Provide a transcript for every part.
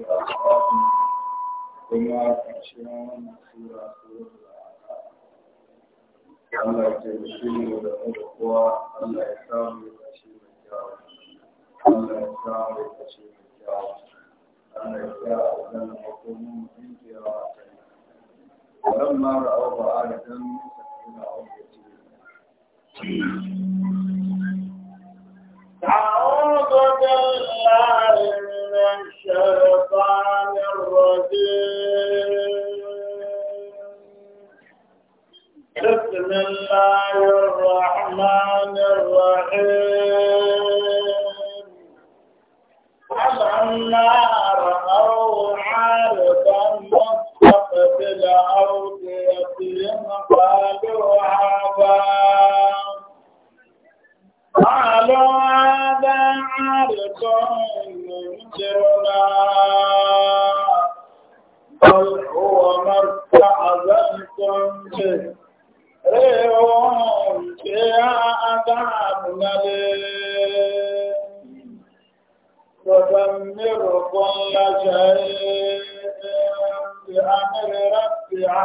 وبركاته وما كشفنا من سورة سورة Allah ya da Allah ya Allah ya Allah ya a wajen makomin mutum kiyawa a mara da dan sakina abu أعوذ بالله الشيطان الرجيم بسم الله الرحمن الرحيم فلما رأوا عارضا مستقبل أوديتهم قالوا هذا Ìjọba ọlọ́wọ́ bá ń rẹ̀ tọ́ ìlú jẹ́ ọ̀rá. Ọlọ́wọ́ mọ́ta àzọ́ ìtọ́ ń jẹ́. Ẹ̀wọ̀n ń jẹ́ àdáàmù nálẹ̀. Sọ̀tọ̀ mẹ́rọ̀ fún lájẹ́ ẹ̀ẹ́ ti àmẹ́rẹ̀ rẹ̀ fi á.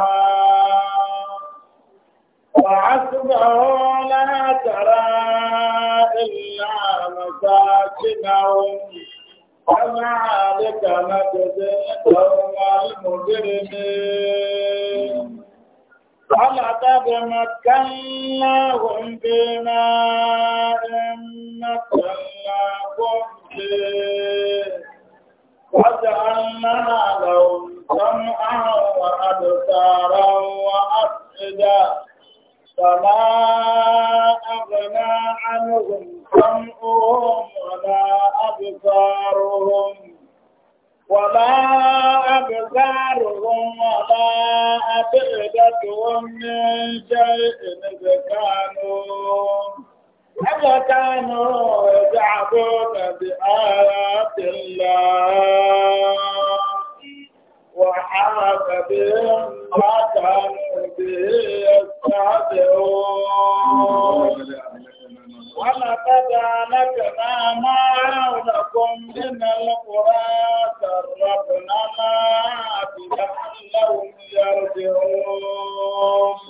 وعقبه لا ترى إلا مساكنهم وذلك نجزي القوم المجرمين ولقد مكناهم في ماء مكناكم فيه وجعلنا لهم سمعا وأبصارا وأفئدة فما أغنى عنهم سمعهم ولا أبصارهم ولا أبصارهم ولا أفئدتهم من شيء إذ كانوا إذ كانوا يجعلون بآيات الله وحرف بهم ما كانوا به يستهزئون ولقد أهلكنا ما من القرى سربنا ما لعلهم يرجعون.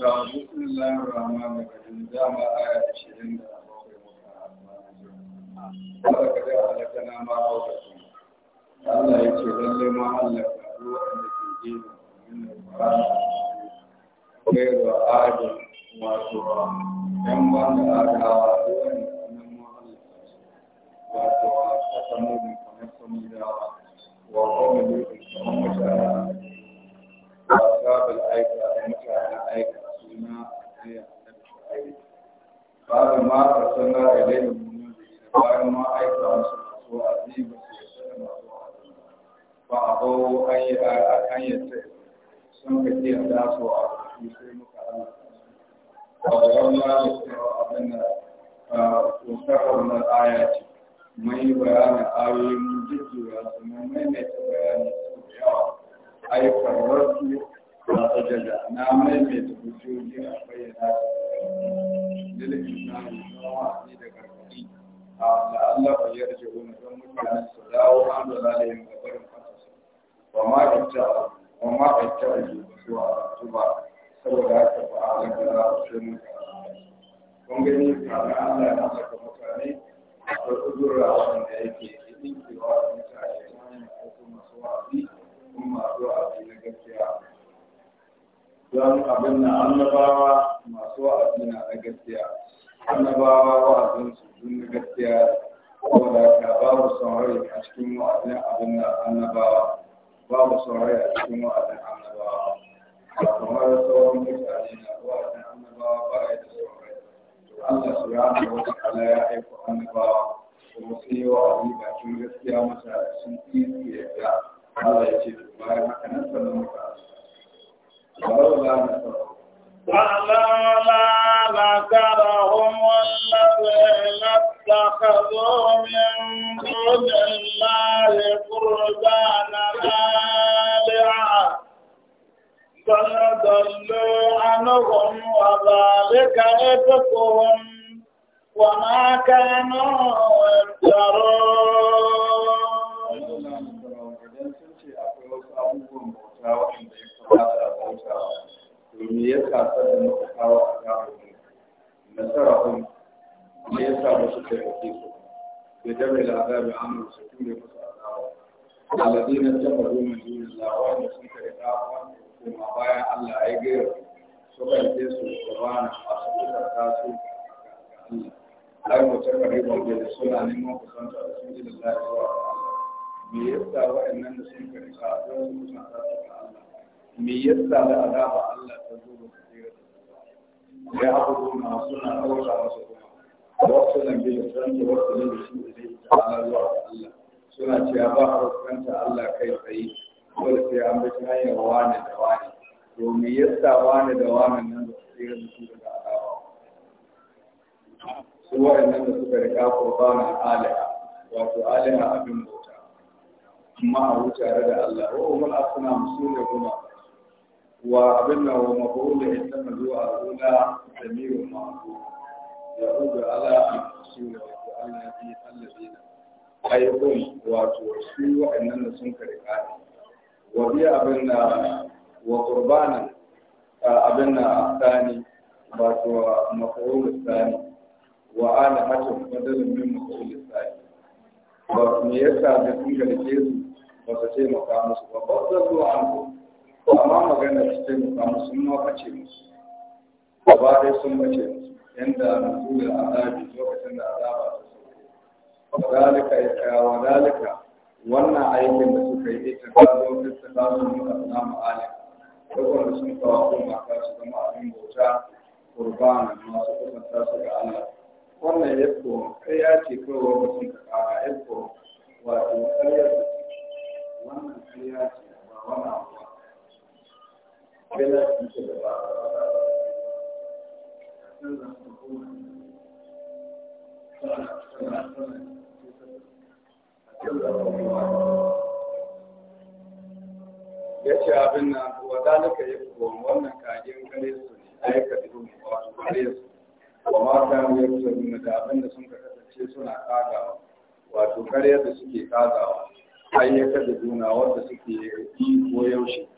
ولقد أهلكنا ما حولكم. الله يجزي لما أهلكنا su waɗanda wato yan wanda adawa yawan nan da a bayan ma aika musu masu azibin ba a bau an yi yadda sun ka ce a daso a kusurci sai muka ala ba da ramma da cewa abin da kusurwar na aya ce mai bayanin ayoyin jujjuya su mai maimaita bayani su da yawa ayyukan rasu na sajada na maimaita hujjoji a bayyana su da likitan yawa ne da gargaɗi a la'allah bayyar jihu na don mutanen su dawo an da lalayin gabarin وما اتبع وما اتبع سوى تبع saboda haka ba a ga da sai mun kun gani kana Allah ya saka mutane da uzura wanda yake cikin cewa mutane sun ko kuma su wa'azi kuma masu wa'azi na gaskiya don abin na annabawa masu wa'azi na na gaskiya annabawa wa'azin su sun na gaskiya saboda ka ba mu son rai a cikin wa'azin abin na annabawa babu saurari a cikin wa'azin kamar sauran mutane na annabawa ba da saurari Allah su rana wata ya aiko annabawa kuma sai yi bakin gaskiya mutane sun fi yadda Allah ya ce to bayan nan sannan mutane. Ba ba ba ولولا ذكرهم الذين اتخذوا من دون الله قربانا آلهة بل ضلوا عنهم وذلك إفكهم وما كانوا يفترون. domin ya kasa da muka kawo a gafin nasara hun ne ya sa ba su taimake su da dame da azabi amur su tun da musu azawa alladhi na taba domin yin lawa da sun kare kafa kuma bayan allah ya gaya su kan je su kubana masu kusanta su ga allah ai mace kare gobe da suna neman kusanta da sun ji da lafiya me yasa wa'annan da sun kare kafa su kusanta su ga allah me yasa da azaba Allah ta zo ba tsira da ya abu na suna aura wasu kuma wasu nan bi da sanke wasu nan da shi da zai ta ala zuwa ga Allah suna cewa ba a fuskanta Allah kai tsaye dole sai an bi ta hanyar wani da wani to me yasa wani da wani nan da tsira da shi daga azaba su waɗannan da suka riga kurbanin aliha wato aliha abin bauta amma a wuce da Allah wa'umul asnam su ne kuma وقبلنا ومفعول احتمل هو الأولى جميع معقول يعود على المسؤول الذي الذين أيهم وتوسيوا إننا سنكر قائد وبي أبنا وقربانا أبنا الثاني واتوا مفعول الثاني وانا حتم بدل من مفعول الثاني وميسا بسنجل كيسو وتشيمك عن سبب وضلوا عنه amma magana su mu musu sun ma bace musu gaba dai sun bace musu zuwa a zafi lokacin da azaba ta sauko Dalika ya wa Dalika wannan aikin da suka yi ita ta zo ta ta zo mu da namu alim lokacin da sun kawo ko mata su zama abin bauta qurbana masu kusanta su ga Allah wannan yadda kai ya ce kawai wa sun ka kara yadda wato kai wannan kai ya ce ba abu ya ce abin nan wa zalika ya kuwa wannan kagen gare su ne aikata yin wasu gare su wa mata ya kusa nuna da abin da sun ka kasance suna kagawa wato karyar da suke kagawa ayyuka da duna wanda suke yi ko yaushe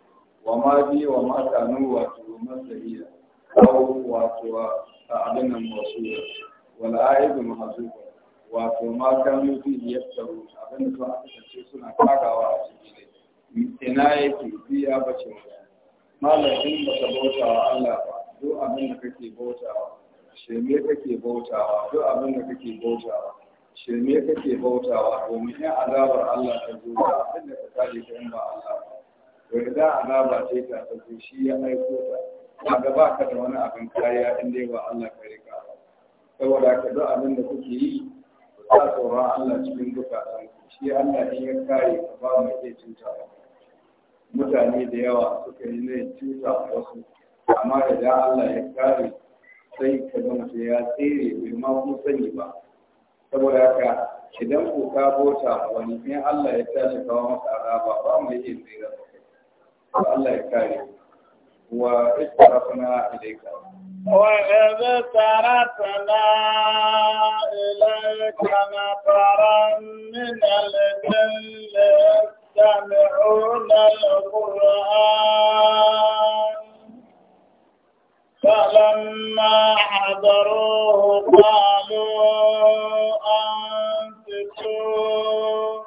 wa ma bi wa ma kanu wato masariya ko wato a abin nan wasu wal aibu mahzuba wato ma kanu fi yaftaru abin da suka kace suna kagawa a cikin ne ina yake biya bace malamin ba ka bauta wa Allah ba duk abin da kake bautawa shirme kake bautawa duk abin da kake bautawa shirme kake bautawa domin yan azabar Allah ta zo abin da ka kare ka ba Allah ba wani da azaba ce ta tafi shi ya aiko ta kaga ba ka da wani abin kariya in dai ba Allah ka rika ba saboda ka zo abin da kuke yi ku sa tsoron Allah cikin zukatan shi Allah ne ya kare ka ba mai iya cuta mutane da yawa suka yi ne cuta wasu amma da Allah ya kare sai ka zama ya tsere bai ma ku sani ba saboda haka idan ku ka bota wani in Allah ya tashi kawo masa azaba ba mu iya tsira ba Allah ya kare wa istarafna ilayka wa istarafna ilayka nafaran min al-jinn يستمعون القرآن فلما حضروه قالوا أنفتوا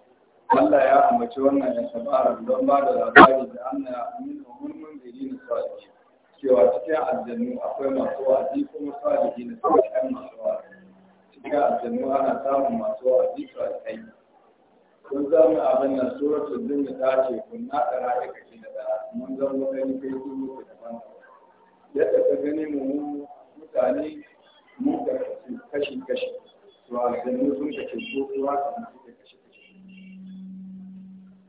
Allah ya ambaci wannan ya sabara don ba da labari da an ya amina hulmun gari na salihi cewa cikin aljannu akwai masu wa'azi kuma salihi na salihan masu wa'azi cikin aljannu ana samun masu wa'azi salihai kun zama abin nan suratul jinni ta ce kun na ɗara da kake da ɗara. mun zama wani kai kun muku daban yadda ka gani mu mutane mun ka kashi kashi to aljannu sun kace ko kuma kamar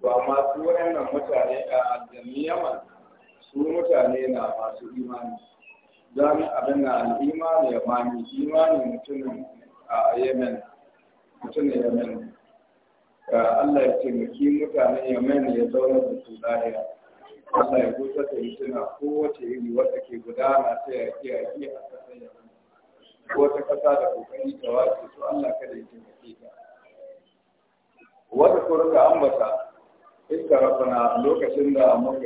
Wa masu su wayannan mutane a aljanni yaman su mutane na masu imani don abin na al'imani ya mani imani mutumin a yemen mutumin yemen Allah ya taimaki mutanen yemen ya zauna da su lahiya Allah ya gusa ta yi suna kowace iri wadda ke gudana ta yaƙi yaƙi a ƙasar yemen ta kasa da kokari ta wace su Allah kada ya taimake ta wata kurka ambata iska rabbana lokacin da muka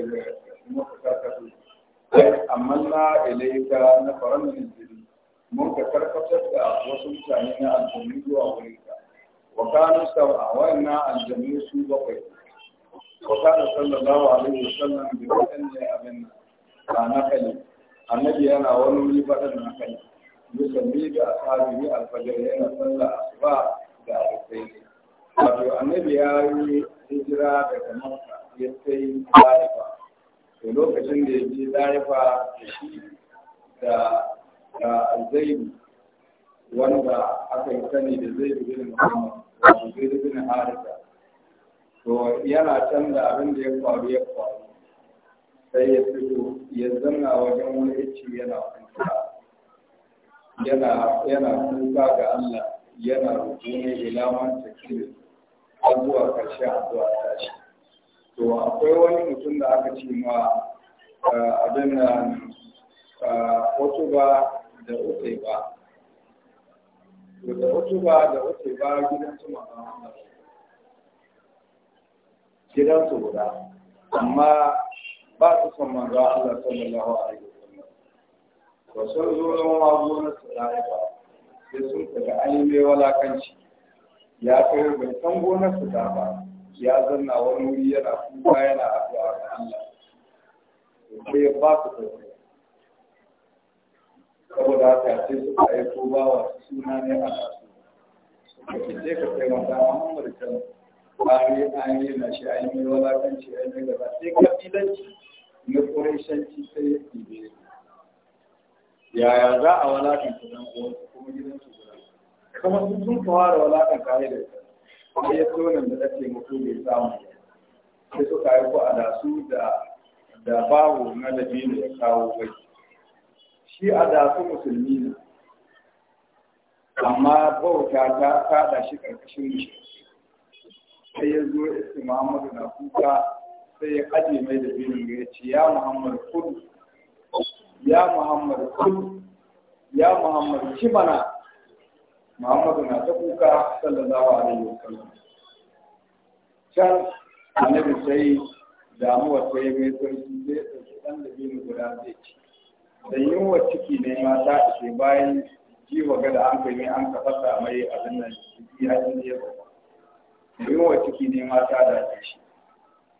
muka karkato ai amma na ilaika na faramin jiri muka karkatar da wasu mutane na aljanni zuwa wurinka wa kanu sab'a wa inna aljanni su bakwai wa kana sallallahu alaihi wasallam bi wadanne abin na kai. annabi yana wani wuri fadan nakali yusalli bi ashabihi alfajr yana sallah asuba da alfajr wato annabi ya yi hijira daga makka ya kai zarifa to lokacin da ya je zarifa da shi da da zaidu wanda aka yi sani da zaidu bin muhammad wato zaidu bin harisa to yana can da abin da ya faru ya faru sai ya fito ya zanna wajen wani ice yana kuka yana kuka ga Allah yana roƙo ne ilaman takirin har zuwa ƙarshe addu'a ta shi to akwai wani mutum da aka ce ma abin da wato ba da otai ba to da wato ba da otai ba gidan su su gidan su guda amma ba su son manzo Allah sallallahu alaihi wasallam to sun zo zama ma zo ba sai sun fita ainihin walakanci ya kai bai san gonar su ta ba ya zanna wani wuri yana kuka yana addu'a ga Allah sai ya ba su kai saboda haka sai suka ba wa suna ne a nasu suka ce sai ka kai mata Muhammadu kan an yi an yi na shi an yi walakanci an yi gaba sai kabilanci na ƙorashanci sai ya ɗibe yaya za a walakanta dan uwansu kuma gidansu kamar sun sun fara walakan kare da su kuma ya so nan da take mutum bai samu sai suka yi ko dasu da da bawo na dabino ya kawo bai shi a dasu musulmi ne amma bauta ta kada shi karkashin shi sai ya zo isi muhammadu na kuka sai ya aje mai da binin ya ce ya muhammadu kudu ya muhammadu kudu ya muhammadu kimana Muhammadu na ta kuka sallallahu alaihi wa sallam can annabi sai damuwa sai mai sarki zai ɗauki ɗan da biyu guda zai ci da yunwa ciki ne ma ta ishe bayan jiwa ga da an kai an ka fasa mai abin nan ciki hajji ne ya bauta yunwa ciki ne ma ta da shi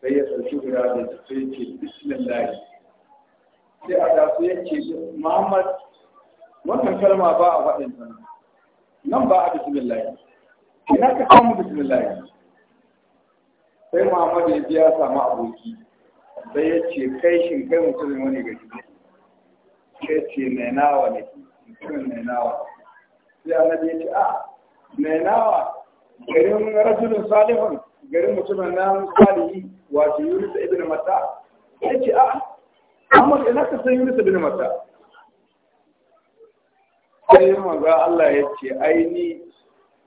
sai ya ɗauki guda zai ci sai ce bismillahi sai a da su yake Muhammad wannan kalma ba a faɗin sanarwa nan ba a bismillah ina ka kawo bismillah sai muhammadu ya biya samu aboki sai ya ce kai shi kai mutumin wani gari sai ce mai nawa ne mutumin mai nawa sai annabi ya ce a mai nawa garin rajulun salihun garin mutumin nan salihi wato yunus ibn mata ya ce a amma ina ka san yunus ibn mata sai maza Allah ya ce ai ni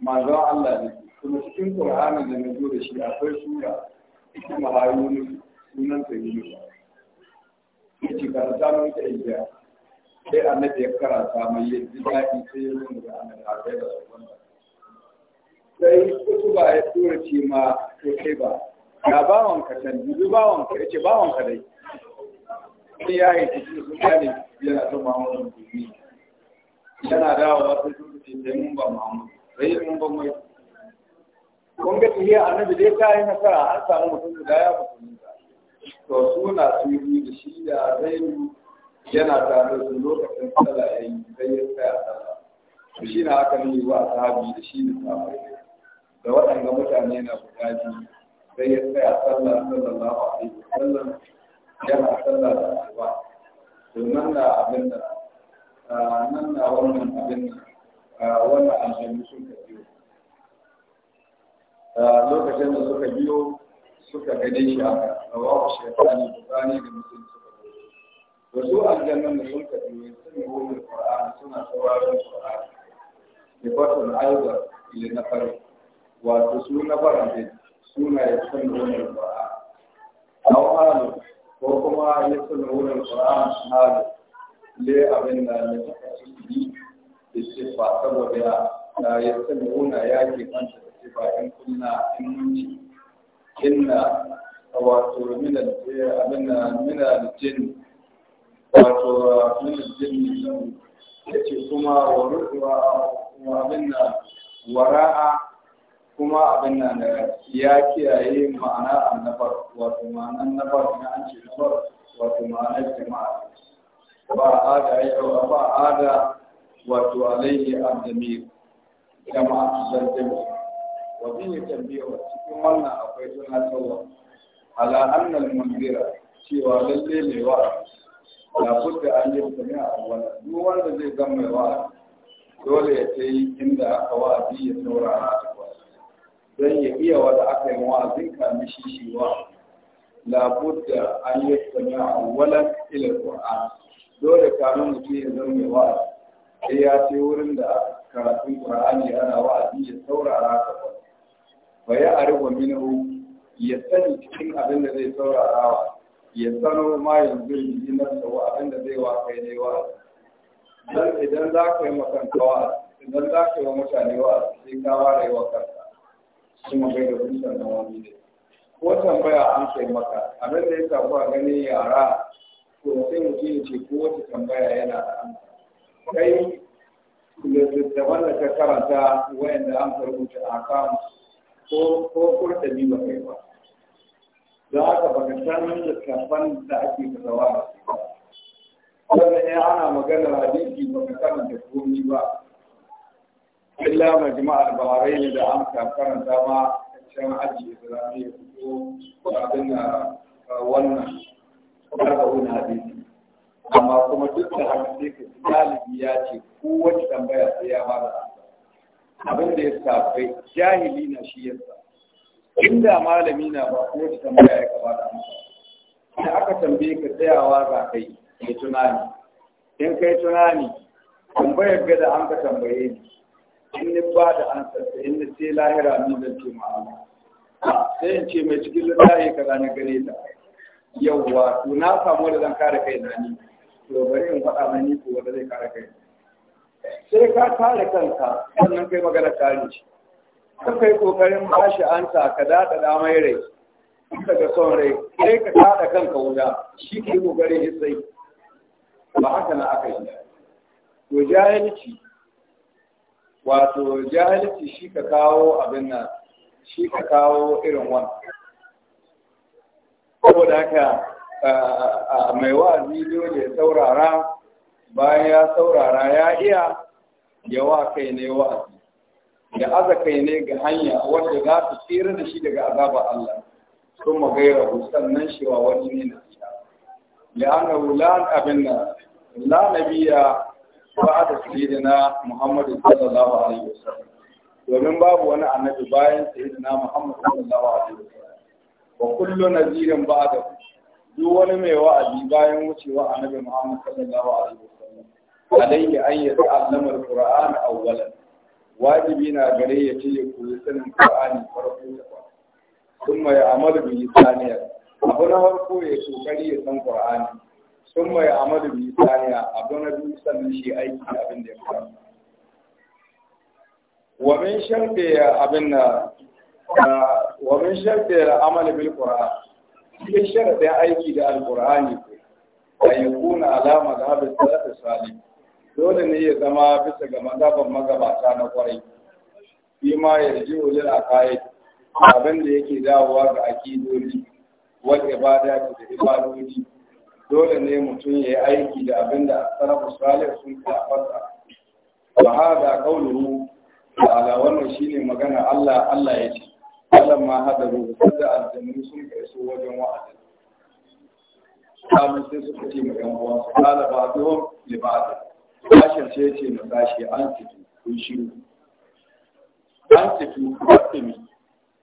Allah ne kuma cikin Qur'anin da na da shi akwai sura ita mahayun sunan ta yi ya ce ka ta mun ta iya sai annabi ya karanta mai yadda dadi sai ya mun da annabi har da wannan sai ba ya tura ce ma to kai ba ga bawon ka can ba wanka ya ce bawon dai sai ya yi cikin gane yana son mahaifin duniya yana dawowa sai sun ce sai mun ban Muhammadu sai mun ban mai kun ga tafiya annabi dai ta yi nasara an samu mutum guda ya musulunta to suna su da shi da zainu yana tare da lokacin sallah yayi sai ya tsaya sallah to shi na aka yi wa sahabi da shi da sahabi da waɗanda mutane na guda biyu sai ya tsaya sallah sallallahu alaihi wasallam yana sallah da asuba to nan da abin da nan na wannan abin wannan aljanu sun ka biyo lokacin da suka biyo suka gane shi a rawa ku shekani bukani da mutum suka biyo da su aljanun da sun ka biyo sun yi wurin ƙwar'an suna sauraron ƙwar'an da batun aiwa ile na fari wato su na fari ne suna ya sun wurin ƙwar'an a wahalu ko kuma ya sun wurin ƙwar'an halu le abin da ya saka ciki da sifa saboda ya sami ya ke manta da sifa in kunna in munci inna wato mina abin da mina jin wato mina jin ya ce kuma wa rufuwa abin da wara'a kuma abin nan da ya kiyaye ma'ana annabar wato ma'anar nabar na an ce nabar wato ma'anar jama'a ba a ada ya ba a ada wato alaihi al-damir kama zalzama wa bihi tanbiya cikin wannan akwai tunatarwa ala anna al-munzira cewa lalle ne wa la budda an yi a awwal duk wanda zai zama wa dole ya ce inda aka wa'azi ya saurara don ya iya wata aka yi wa'azin kamin shi shi wa an yi an a awwalan ila Qur'an dole kamin mutum ya zama mai wa'azi sai ya ce wurin da karatun Qur'ani ana wa'azi ya saurara ka ba ya arwa minhu ya sani cikin abin da zai saurara wa. ya sano ma yanzu yi nasa wa abin da zai wa kai ne wa dan idan za ka yi makantawa idan za ka yi wa mutane wa, sai ka ware wa kanka shi bai da kusan sannan wani ne ko tambaya an kai maka abin da ya samu a ganin yara to sai mu ce ko wata tambaya yana da kai littattafan da ka karanta wayanda an rubuta a kan ko ko kurtabi ba kai ba don haka ba ka san littattafan da ake kasawa da su ba wanda ne ana maganar hadisi ba ka karanta komi ba illa majma'ar baharai ne da an karanta ma can aji islamiyya ko abin wannan arba'un hadisi amma kuma duk da haka sai ka galibi ya ce kowace tambaya sai ya ba da abin da ya safai jahili na shi yasa inda malami na ba kowace tambaya ya kaba da amsa da aka tambaye ka tsayawa za ka yi kai tunani in kai tunani tambayar ga da an ka tambaye ni in ni ba da an sassa in ni sai lahira ni zan ce ma'ana ah, sai in ce mai cikin littafi ka na gare ta yawwa to na samu da zan kare kai na ni to bari in faɗa mai ni ko wanda zai kare kai sai ka kare kanka sannan kai magana kare shi ka kai kokarin an ansa ka daɗa damai rai daga son rai sai ka kada kanka wuda shi ke kokarin hissai ba haka na aka yi to jahilci wato jahilci shi ka kawo abin nan shi ka kawo irin wannan saboda haka mai wa'azi dole ya saurara bayan ya saurara ya iya ya wa kai ne wa'azi Da aza kai ne ga hanya wanda za su tsira da shi daga azabar Allah sun magaira sannan shi wa wani ne na siya la'annahu wulan abin nan da suke da na Muhammadu sallallahu alaihi wasallam domin babu wani annabi bayan na Muhammadu sallallahu alaihi wasallam wa kullu nazirin ba'da duk wani mai wa'azi bayan wucewa annabi Muhammad sallallahu alaihi wasallam alayhi an yi al Qur'ani awwalan wajibi na gare ya ce ya koyi sanin Qur'ani farko kuma ya amalu bi taniya abu na farko ya kokari ya san Qur'ani kuma ya amalu bi taniya abu na biyu shi aiki abin da ya fara wa min sharbe abin na wa min sharti al-amal bil qur'an cikin sharadin aiki da alqur'ani a yakuna ala madhhab salaf salih dole ne ya zama bisa ga madhaban magabata na kwarai shi ma ji ulil aqaid abin da yake dawowa ga akidodi wal ibadati da ibadodi dole ne mutum ya yi aiki da abin da salafu salih sun kafarta wa hada qawluhu ala wannan shine magana Allah Allah ya ce Allah ma haɗa rubutar da aljannu sun ka iso wajen wa'azi. Kamun sai suka ce ma ‘yan uwan su kala ba zuwan libada. Sashen ce ce na sashe an ciki kun shiru. An ciki wattumi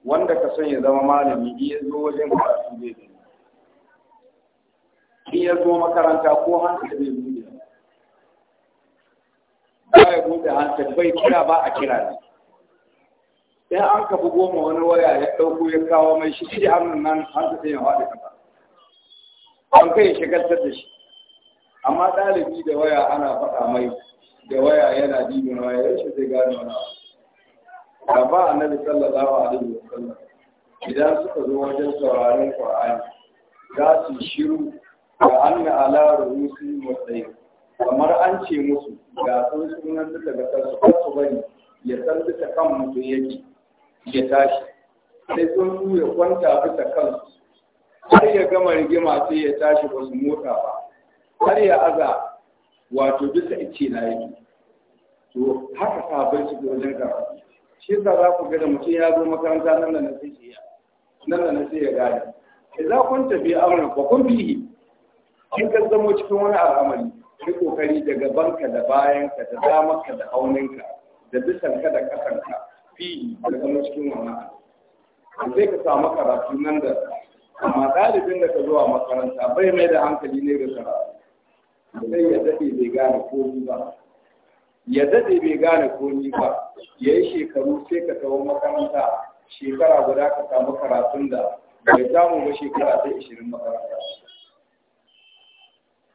wanda ka son ya zama malami iya zo wajen karatu zai bi. In ya zo makaranta ko hankali zai buɗe. Ba ya buɗe hankali bai kira ba a kira ne. Sai an ka bugo ma wani waya ya ɗauko ya kawo mai shi shi hannun nan an ta sai ya faɗi kasa an kai shagaltar da shi amma ɗalibi da waya ana faɗa mai da waya yana dibin waya ya shi zai gane wani da ba annabi sallallahu alaihi wa sallam idan suka zo wajen sauraron qur'ani za su shiru wa anna ala ru'usi mutsayin kamar an ce musu ga sun sunan duka ga kansu kansu bane ya san duka kan mutum yake ya tashi sai sun ya kwanta bisa kansu har ya gama rigima sai ya tashi ba su mota ba har ya aza wato bisa ice na yi to haka sabai shi ke wajen karatu shi yasa za ku ga da mutum ya zo makaranta nan da nan sai ya nan da nan sai ya gane idza kunta bi amrin fa kun bihi kin ka zama cikin wani al'amari yi kokari daga banka da bayanka da damarka da auninka da bisanka da kasanka fi da kuma cikin wannan sai ka samu karatu nan da amma ɗalibin da ka zuwa makaranta bai mai da hankali ne ga karatu sai ya daɗe bai gane komi ba ya daɗe bai gane komi ba ya yi shekaru sai ka kawo makaranta shekara guda ka samu karatun da bai samu ba shekara ta ishirin makaranta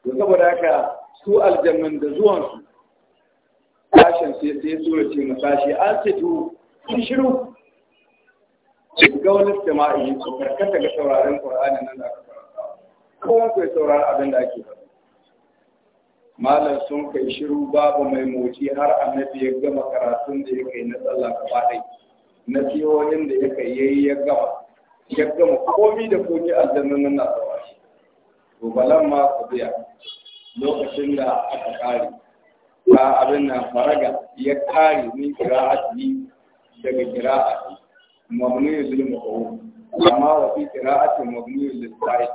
to saboda haka su aljannan da zuwansu tashin sai sai sura ce masashi an ce in shiru ga wani jama'i su karkata ga sauraron Qur'ani nan da aka karanta ko kai sauraron abin da ake fara? malam sun kai shiru babu mai moci har annabi ya gama karatun da ya kai na tsalla gaba ɗai na tiyonin da ya kai yayi ya gama ya gama komi da komi aljannan nan na tsawa shi to balan ma ku biya lokacin da aka kare ba abin nan faraga ya kare ni min kira'ati daga kira'a mabniyun lil mako, amma wa fi qira'atin mabniyun lil za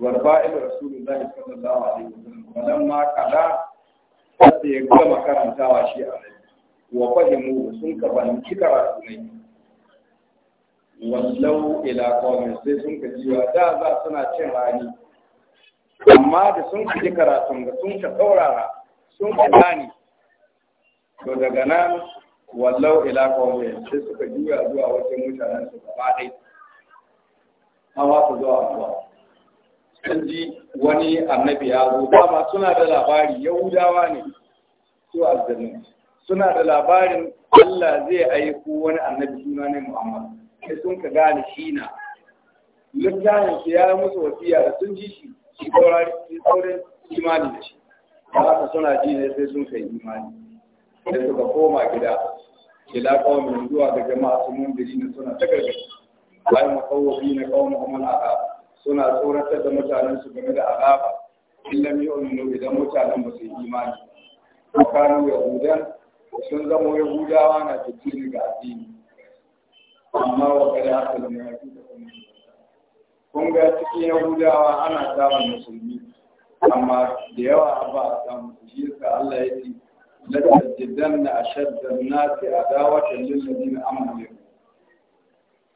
wa fa'il rasulullahi sallallahu alaihi wasallam ma kada sai ya gama karantawa shi a nan wa fahimu sun ka banci karatu ne wallau ila qawmin sai sun ka jiwa da za suna cin rani amma da sun ka ji karatun da sun ka saurara sun ka gani to daga nan wallau ila kawai sai suka juya zuwa wajen mutanen su gaba dai hawa su zuwa zuwa sun ji wani annabi ya zo dama suna da labari yahudawa ne su aljanna suna da labarin Allah zai aiko wani annabi suna ne Muhammad sai sun ka gane shi na littafin su ya musu wasiya da sun ji shi shi kawai shi saurin imani da shi ba haka suna ji ne sai sun kai imani da suka koma gida ila qaumin zuwa daga jama'a su mundirina suna ta gargaɗi wai makawwafina qaumuhum al'azab suna tsoratar da mutanen su game da azaba illam yu'minu idan mutanen ba su yi imani ya yahudan sun zamo yahudawa na tafiya ga addini amma wa kare haka zama ya fi da kun ga cikin yahudawa ana samun musulmi amma da yawa ba a samu shi yasa Allah ya ce لتجدن أشد الناس عداوة للذين آمنوا منهم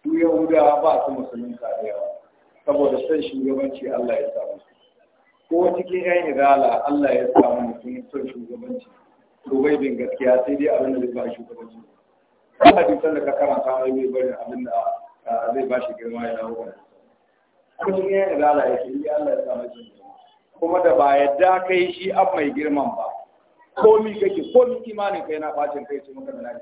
su yahudawa ba su musulun kariyawa saboda san shugabanci Allah ya samu ko cikin yan izala Allah ya samu mutum son shugabanci to bai bin gaskiya sai dai abin da zai ba shugabanci ba a hadisan da ka karanta mai bai bari abin da zai ba shi girma ya dawo ba ko cikin yan izala yake yi Allah ya samu shi kuma da ba yadda kai shi an mai girman ba komi kake komi imanin kai na bacin kai su maka bala'i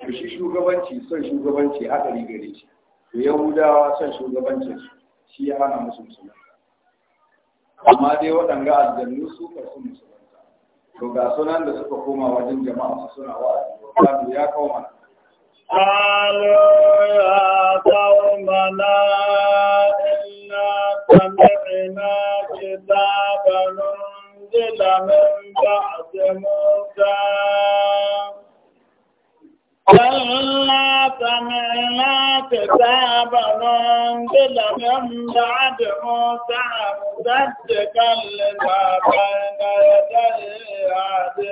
to shi shugabanci son shugabanci haɗari gare shi to yahudawa son shugabanci shi ya hana musu musulunci. amma dai waɗanga aljannu su ka su musulunta to ga sunan da suka koma wajen jama'a su suna wa'azi wa kanu ya kauma قالوا يا قومنا إنا سمعنا من بعد موسى كلا سمعنا كتابا أنزل من بعد موسى مصدقا لما بين يديه يهدي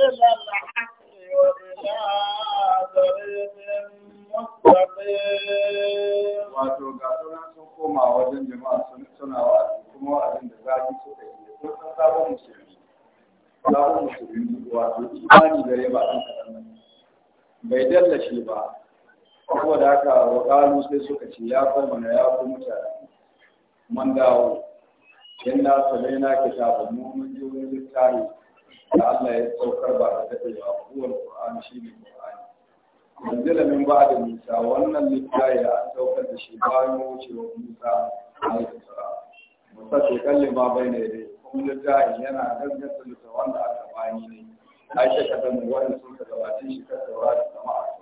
إلى الحق يهدي إلى الحق وإلى طريق مستقيم. koma wajen jama'a sun suna wa'azi kuma wa'azin da zafi suka yi sun san sabon musulmi sabon musulmi wato imani gare ba an kaɗan bai dallashe ba saboda haka wakalu sai suka ce ya kuma ya ku mutane man dawo in na sabai na kitabun mu mun ji wani littafi da Allah ya saukar ba da daɗewa kuwar Qur'ani shine Qur'ani manzila min ba da nisa wannan littafi an saukar da shi bayan wucewar musa alaihi salam musa ke kallin ba bai ne dai kuma littafi yana gaskata da wanda aka bani ne aisha ka san wani sun ka gabatin shi ka tsawara da jama'a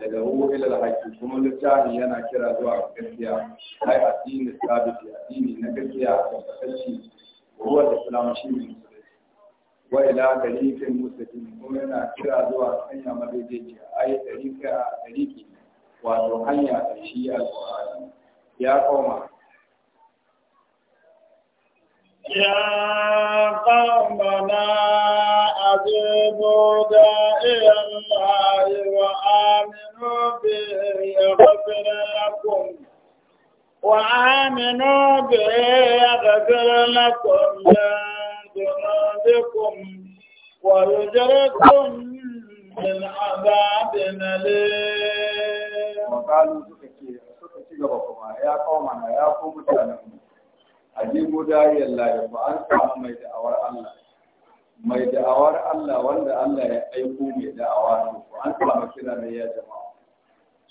daga ruwa ila haƙƙi kuma littafi yana kira zuwa gaskiya ai addini sabiti addini na gaskiya tabbatacce ruwa da islam shi wa ila dariqin mustaqim kuma yana kira zuwa hanya madaidaiciya ai a dariqi wato hanya da shi alqur'ani ya koma يا قومنا أجيبوا داعي الله وآمنوا به يغفر لكم وآمنوا به ya لكم يا بذنوبكم ويجركم من عذاب أليم وقالوا suka ci gaba kuma ya kawo ya ko mutanen mu ajibu dariyar layi ba an samu mai da'awar Allah mai da'awar Allah wanda Allah ya aiko mai da'awa to an samu kira ne ya jama'a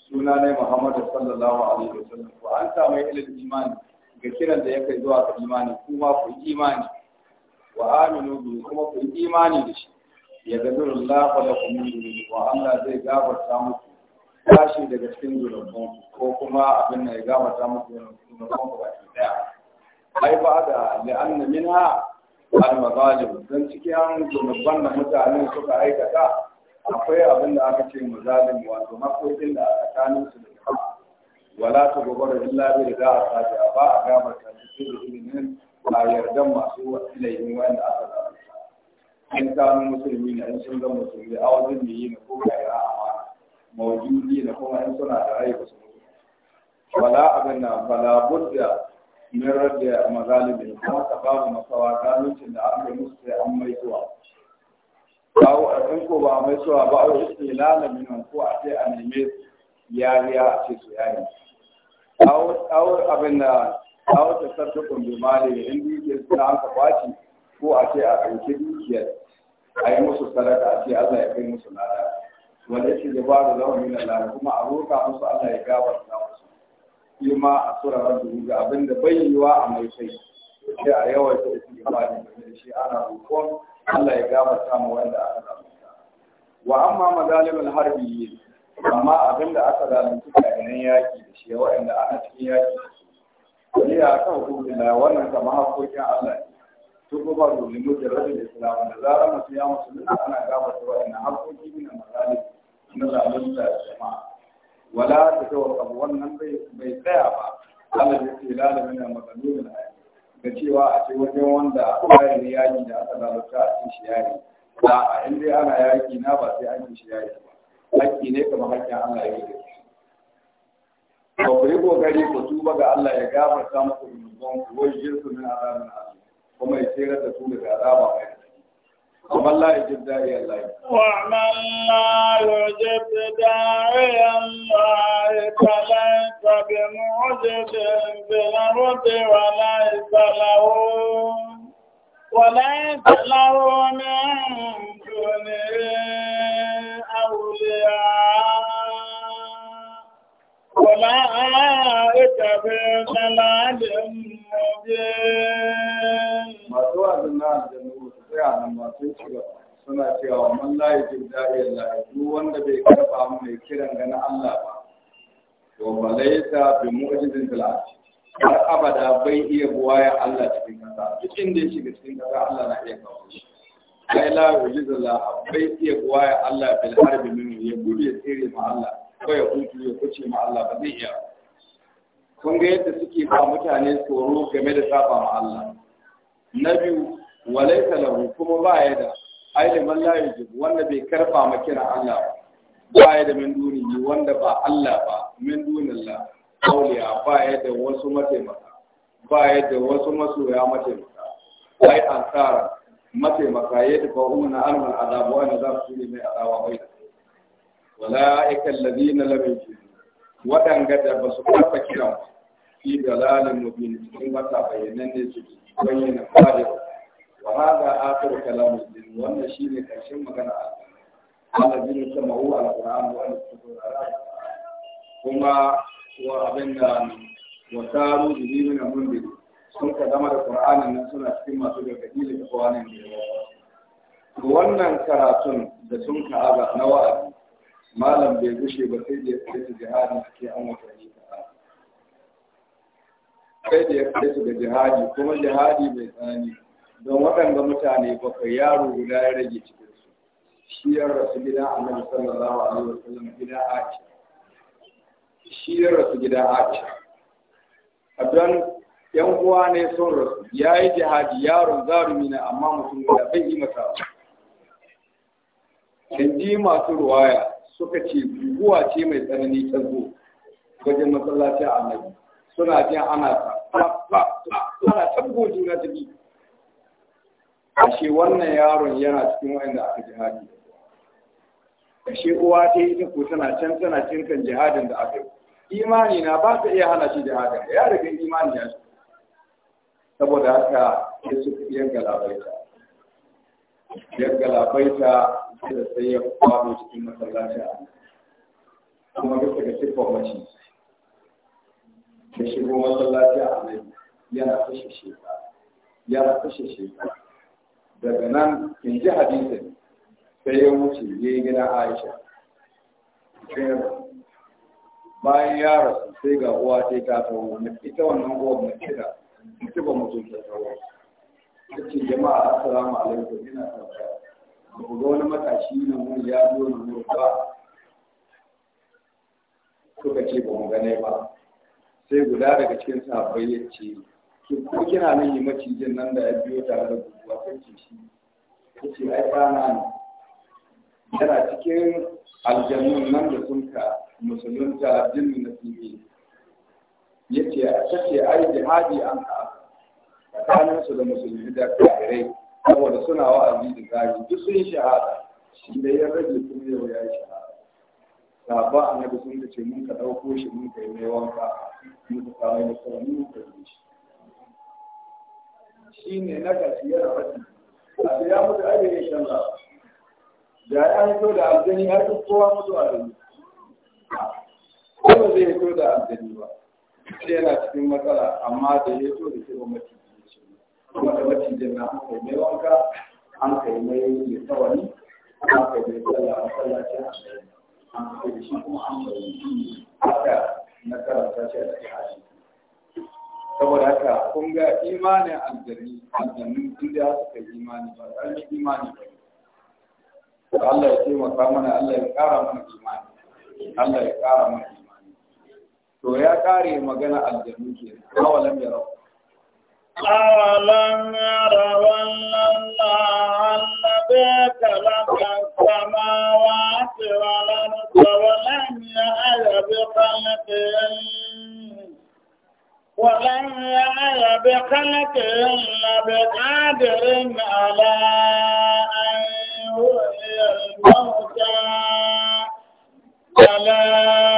suna ne Muhammadu sallallahu alaihi wasallam ko an samu ilil imani ga kiran da ya kai zuwa ga imani kuma ku imani wa aminu bi kuma ku yi imani da shi ya gafiru Allah wa lakum min wa Allah zai gafarta muku tashi daga cikin zurubun ko kuma abin da ya gafarta muku zurubun ku baki daya ai ba da la'anna minha al-mazalim dan cikin zurubun da mutanen suka aikata akwai abin da aka ce mazalim wato makokin da tsakanin su da jama'a wala ta gogora illa bi da za a sace ba a gama gafarta cikin zurubun ba yardan masu ilayin wanda aka zama in kanu musulmi na in sun ga musulmi a wajen da yi na ko kai a awa mawjudi na kuma in suna da rai su mutu wala abin na bala budda min radda mazalimin kuma ta babu masawa zaluncin da aka musu sai an mai zuwa kawo a ɗin ko ba mai zuwa ba a yi lalamin ko a sai a neme yariya a ce su yayi kawo abin da a wata sarta kumbe mali in dukiyar suna an ka kwaci ko a ce a ɗauki dukiyar a yi musu sarata a ce Allah ya kai musu lada wanda yake da bada zama min Allah kuma a roƙa musu Allah ya gabarta musu shi ma a sura rabbi ga da bai yiwa a mai sai sai a yawaita istighfari da shi ana roƙon Allah ya gabata mu wanda aka zalunta wa amma madalimul harbi amma abinda aka zalunta yanayin yaki da shi wa'anda ana cikin yaki wani ya kan hukumin na wannan kama hakokin Allah to ko ba dole mu da rabin islam da zara mutum ya musulunta ana da wa'annan hakoki min masalih na zalunta jama'a wala ta ta tawakkab wannan bai bai tsaya ba Allah ya ce lalama min masalih da cewa a ce wajen wanda bayan yaki da aka zalunta a cikin shiyari da a inda ana yaki na ba sai an yi shiyari ba Haƙƙi ne kamar haƙƙin Allah yake ba ku yi kokari ku tuba ga Allah ya gafarta muku zunuban ku wai jinsu min azabin alim kuma ya tsira da su daga azaba mai ومن لا يجب داعي الله ومن لا يجب داعي الله فليس بمعجز في الأرض وليس له وليس له من دونه أولئك في ضلال مبين masu wazin na aljannu su tsaya nan ba sun suna cewa man layi jin daɗi layi duk wanda bai karɓa mai kiran gana Allah ba to ba laita bi mu'jizin talati har abada bai iya buwaya Allah cikin kasa duk inda ya shiga cikin kasa Allah na iya kawo shi kai la yujizu la bai iya buwaya Allah bil harbi min ya gudu ya tsere ma Allah fa ya hutu ya kuce ma Allah ba zai iya kun ga yadda suke ba mutane tsoro game da saba ma Allah na biyu walaita lahu kuma ba ya da ailiman la yujib wanda bai karba ma kira Allah ba ba ya da min duni wanda ba Allah ba min dunillah kauliya ba ya da wasu mataimaka ba ya da wasu masoya mataimaka ai ansara mataimaka yadda ba umma na almal azabu wa na za ne mai azawa bai Wala wala'ika alladhina lam yujibu waɗanga da ba su kafa kiran fi dalalin mubin cikin mata bayanan ne su bayyana fadi wa hada akhir kalamin wanda shi ne ƙarshen magana a alladhina sama'u al-qur'an wa al-qur'an kuma wa abinda wa taru bihi min al-mundir sun ka zama da qur'anin nan suna cikin masu gargadi da kawanin da wannan karatun da sun ka'aba na wa'azi malam bai gushe ba sai da ya kai su jihadi ke an wata watanni kaɗan kai da ya kai su da jihadi kuma jihadi mai tsani don waɗanda mutane bakwai yaro guda ya rage cikin su shi ya rasu gida annabi sallallahu alaihi wasallam gida aci shi ya rasu gida aci a don yan uwa ne sun rasu ya yi jihadi yaron zarumi na amma mutum guda bai yi masa ba. ji masu ruwaya suka ce guguwa ce mai tsanani ta zo wajen masallaci a annabi suna jin ana ta ana juna ta bi ce wannan yaron yana cikin da aka jihadi ce uwa ta yi ko tana can tana cinkan jihadin da aka yi imani na ba ta iya hana shi jihadin ya daga imani ya shi saboda haka ya su yan galabaita ya galabaita da sai ya kwado cikin masallaci a kuma bisa ga siffar mace ta shigo masallaci a nan yana kashe shekara yana kashe shekara daga nan in ji hadisin sai ya wuce ya yi gina aisha bayan ya rasu sai ga uwa sai ta tawo ita wannan uwa mai da ita ba mutum ta tawo yace jama'a assalamu alaikum ina sauka ba ku ga wani matashi na mun ya zo na mun ba suka ce ba mu gane ba sai guda daga cikin sahabbai ya ce ko kina nan yi macijin nan da ya biyo tare da guguwa sai ce shi ya ce ai ba na ne yana cikin aljannun nan da sun ka musulunta jinnin na fili ya ce a ce ai jihadi an ka tsakaninsu da musulmi da kafirai saboda suna wa da gari duk sun shahada shi da ya rage kuma yau ya yi shahada sabon da sun ce mun ka ɗauko shi mun kai mai wanka mun ka samu da sauran mun ka yi shi shi ne na kasiyar rafi a ya mutu ake yi shan da ya hito da aljani har duk kowa mutu a rami ko ba zai hito da aljani ba sai yana cikin matsala amma da ya hito da ke gwamnati kuma da macijin na an kai mai wanka an kai mai yi tsawani an kai mai tsalla a tsallacin an kai da shi kuma an kai haka na karanta shi a cikin hadisi saboda haka kun ga imanin aljanni aljannu inda ya suka imani ba ƙarfin imani ba Allah ya taimaka mana Allah ya kara mana imani Allah ya kara mana imani to ya kare magana aljannu ke kawalan ya rabu أولم يروا الله الذي خلق السماوات والأرض ولم يعي بخلقهن ولم يعي بخلقهن بقادر على أن يحيي الموتى بلى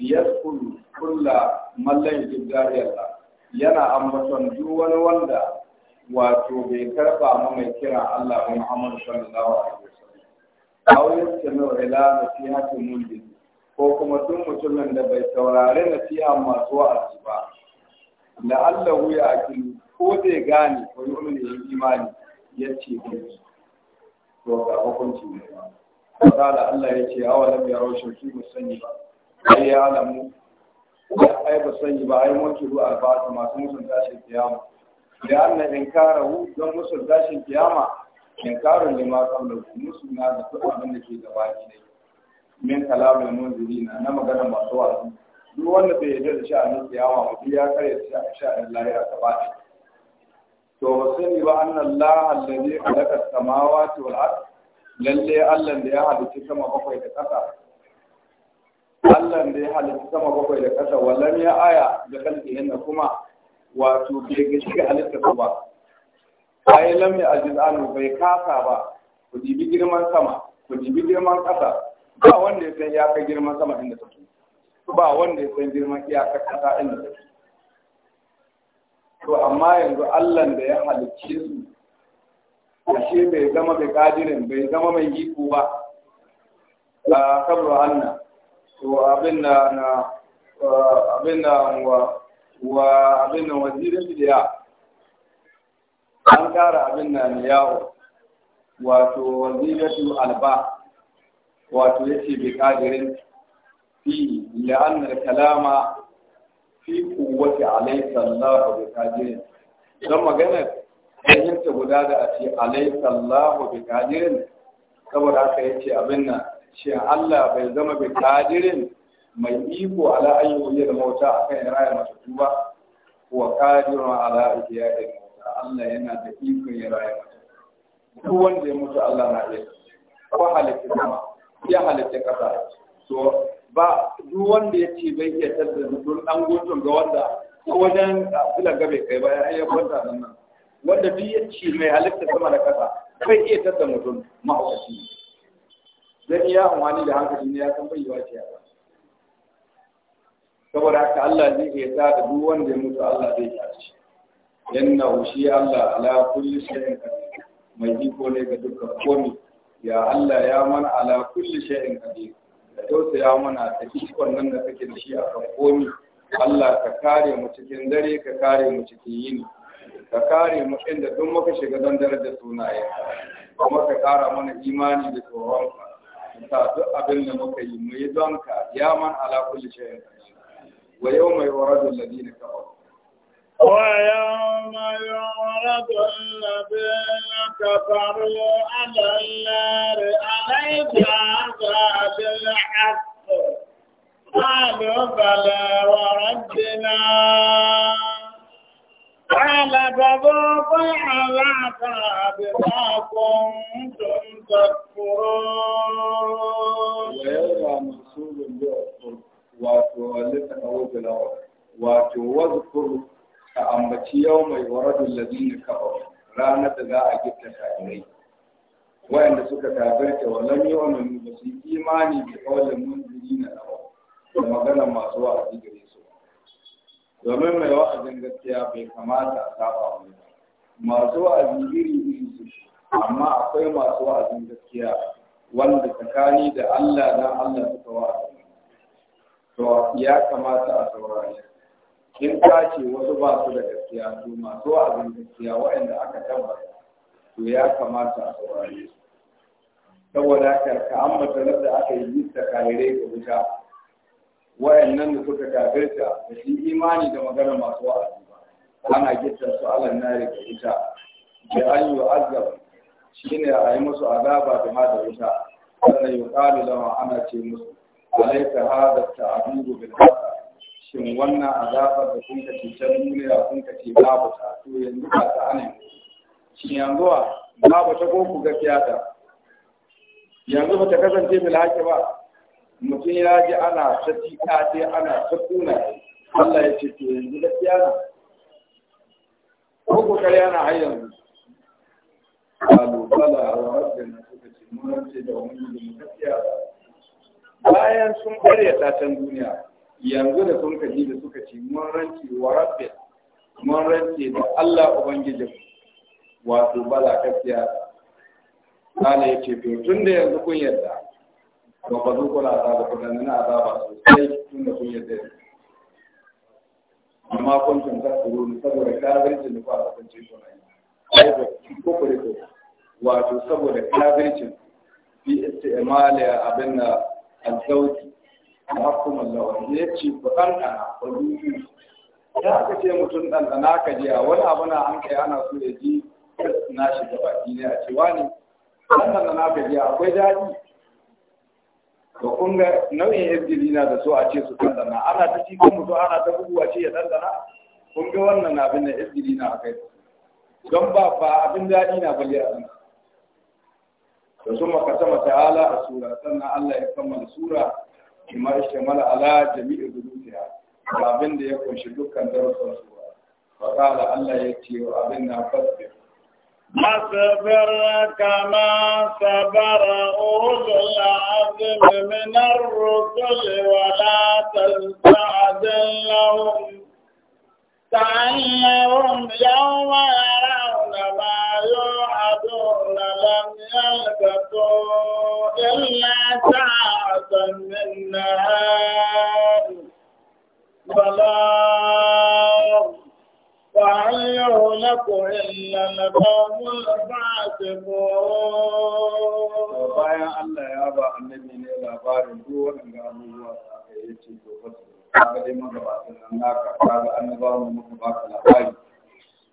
yadkuru kulla mallan jiddariyarsa yana ambaton duk wani wanda wato bai karba ma mai kira Allah ba Muhammad sallallahu alaihi wasallam aw yastami ila nasihati mulki ko kuma duk mutumin da bai saurare nasiha masu wa'azi ba la'allahu ya akilu ko zai gane ko yu'minu yin imani ce ko to ga hukunci ne ba Allah ya ce awalam yarau shaki musanni ba ai ya alamu ai ba sani ba ai wanke ruwa albasa masu musun tashin kiyama da annan hu? don musun tashin kiyama inkarun lima kan da musu na da kuma abin da ke gaba ne min kalamin munzirina na magana masu wasu duk wanda bai yarda da sha'anin kiyama ba duk ya kare sha'anin lahira gaba ɗaya to ba sani ba annan Allah allazi a as-samawati wal ard lalle Allah da ya halicci sama bakwai da ƙasa Allah da ya halitta sama bakwai da ƙasa wallan ya aya da kalkihin na kuma wato bai gashi ga halitta su ba ai lam a jiz'anu bai kasa ba ku dibi girman sama ku dibi girman ƙasa ba wanda ya san ya kai girman sama inda ta ba wanda ya san girman iyaka ƙasa inda take to amma yanzu Allah da ya halicce su ashe bai zama bai kadirin bai zama mai iko ba a kabru to abin da na abin da wa wa abin da wazirin biya an kara abin na ne yawo wato waziratu alba wato yace bi kadirin fi la'anna al-kalama fi quwwati alayhi sallahu bi kadirin dan magana fahimta guda da a ce alayhi sallahu bi kadirin saboda haka ce abin nan shi Allah bai zama bi kadirin mai iko ala ya da mota akan raya matattu ba wa kadirun ala ihya'i mauta Allah yana da iko ya raya matattu duk wanda ya mutu Allah na iya ko halitta sama ya halitta kasa to ba duk wanda ya ce bai iya tattalin mutum dan gutun ga wanda ko wajen filan gabe kai ba ya kwanta nan nan wanda duk ya ce mai halitta sama da kasa bai iya tattalin mutum mahaukaci dan ya amfani da hankali ne ya san bai yiwa ce ba saboda haka Allah zai iya sa da duk wanda ya mutu Allah zai ta shi yanna shi Allah ala kulli shay'in mai iko ne ga duk komai ya Allah ya mana ala kulli shay'in qadir da ya mana ta ikon nan da kake da shi a kan komai Allah ka kare mu cikin dare ka kare mu cikin yini ka kare mu inda duk muka shiga don darajar sunayen kuma ka kara mana imani da tsoron sa duk abin da muka yi mu yi don ka ya man ala kulli shay'in wa yawma yuradu alladhina kafaru ويوم يعرض الذين كفروا على النار أليس هذا بالحق قالوا بلى وربنا قال فذوقوا العذاب بما كنتم تكفرون ويرى منصوب ranar da za a gifta kafirai wayanda suka kafirta wallan imani da kawai munziri na nawa da magana masu wa'azi gare su domin mai wa'azin gaskiya bai kamata a saba wani ba. masu wa'azi iri iri su amma akwai masu wa'azin gaskiya wanda tsakani da Allah na Allah suka wa'azi to ya kamata a saurari. in ka ce wasu ba su da gaskiya to masu wa'azin gaskiya waɗanda aka tabbata to ya kamata a saurari. saboda haka ka ambata da aka yi ta kare ga wuta wayannan da suka kafirta da shi imani da magana masu wa'azi ba ana gitta su alan na da ita da an yi azab shine a yi musu azaba da ma da wuta sannan yi kalu lama ana ce musu alaika hada ta'abiru bil haqq shin wannan azabar da kun kace can duniya kun kace babu ta to yanzu ba ta anan shi yanzu babu ta ko ku gaskiya ta yanzu ba ta kasance bil haqq ba mutum ya ji ana ta tika ce ana ta kuna Allah ya ce to yanzu da na ko kare yana har yanzu kalu bala wa na suka ce mun rance da wani mu gaskiya bayan sun karya tatan duniya yanzu da sun kaji da suka ce mun rance wa rabbi mun rance da Allah ubangijinmu wato bala gaskiya Allah ya ce to tun da yanzu kun yarda to ba zuku la azaba ku dan na azaba sosai tun da kun yadda amma kun tun ta tsoro ne saboda kafircin da ku a kasance ku na ai ba ko ko ko wato saboda kafircin bi istimali abin da azzauji hakum Allah ya ce ku dan dana ku dubi ya ka ce mutum dan dana ka je a wani abu na an kai ana so ya ji na shiga baki ne a ce wani dan dana ka je akwai daɗi to kun ga nau'in izgili na da so a ce su dandana ana ta ci kan mutu ana ta bugu a ce ya dandana kun ga wannan abin da izgili na kai don ba ba abin daɗi na bali a nan da ka makasama ta'ala a sura sannan Allah ya kammala sura kuma ishtamala ala jami'i dudukiya ga abin da ya kunshi dukkan darussan sura fa qala Allah ya ce abin na fasbir مصبر كما صبر أولو العزم من الرسل ولا تستعجل لهم كأنهم يوم يرون ما يوعدون لم يلبثوا إلا ساعة من نهار بلاغ وهل يهلك إلا القوم الفاسقون bayan Allah ya ba النبي ne labarin duk waɗanda abubuwa da aka yi ce to ba su kaga dai magabatan nan naka kaga annabawan muka baka labari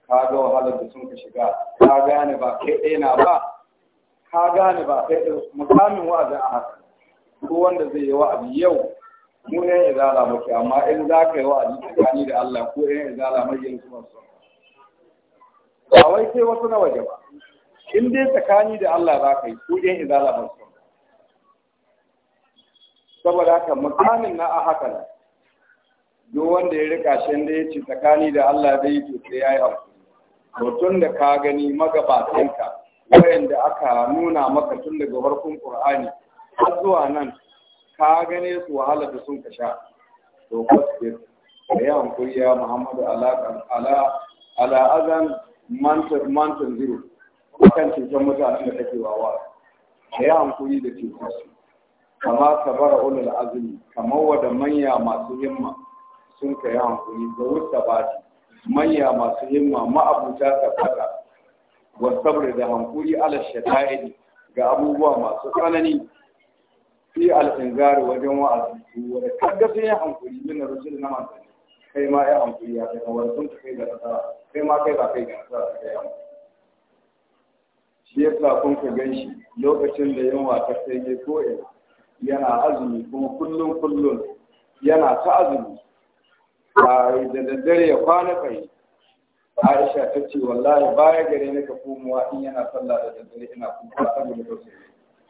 ga wahalar da sun ka shiga ka gane ba kai ɗaya na ba ka gane ba kai ɗaya mukamin wa'azin a haka ko wanda zai yi wa'azi yau mu ɗan izala muke amma in za ka yi wa'azi tsakani da Allah ko ɗan izala mai yin su wasu ba wai sai wasu na waje ba in dai tsakani da Allah za ka yi ko ɗan izala ba su saboda haka mutanen na a haka ne. duk wanda ya rika shi da ya ce tsakani da Allah zai yi sai ya yi hakuri mutum da ka gani magabatanka wayanda aka nuna maka tun daga farkon Qur'ani har zuwa nan ka gane su wahala da sun ka sha to da ya kuriya muhammadu ala ala azan mantan mantan zero akan cutar mutanen da take wawa da ya kuri da cutar su kama sabara ulul azumi kamar wada manya masu himma sun ka yi kuri da wuta ba manya masu himma ma'abuta tabbata wasu sabar da hankuri ala shata'idi ga abubuwa masu tsanani fi al'ingari wajen wa'azi wanda يا sun yi hankuri min rasul na kai ma ya hankuri ya kai kai da nasara kai ma kai ba kai da nasara kai hankuri shi yasa kun ka كوي يانا lokacin da yunwa ta يانا ya ko'ina yana azumi kuma kullum ta azumi da daddare ya kwana kai Aisha ta ce wallahi baya gare ne ka komowa in yana sallah da daddare ina kuma tausayi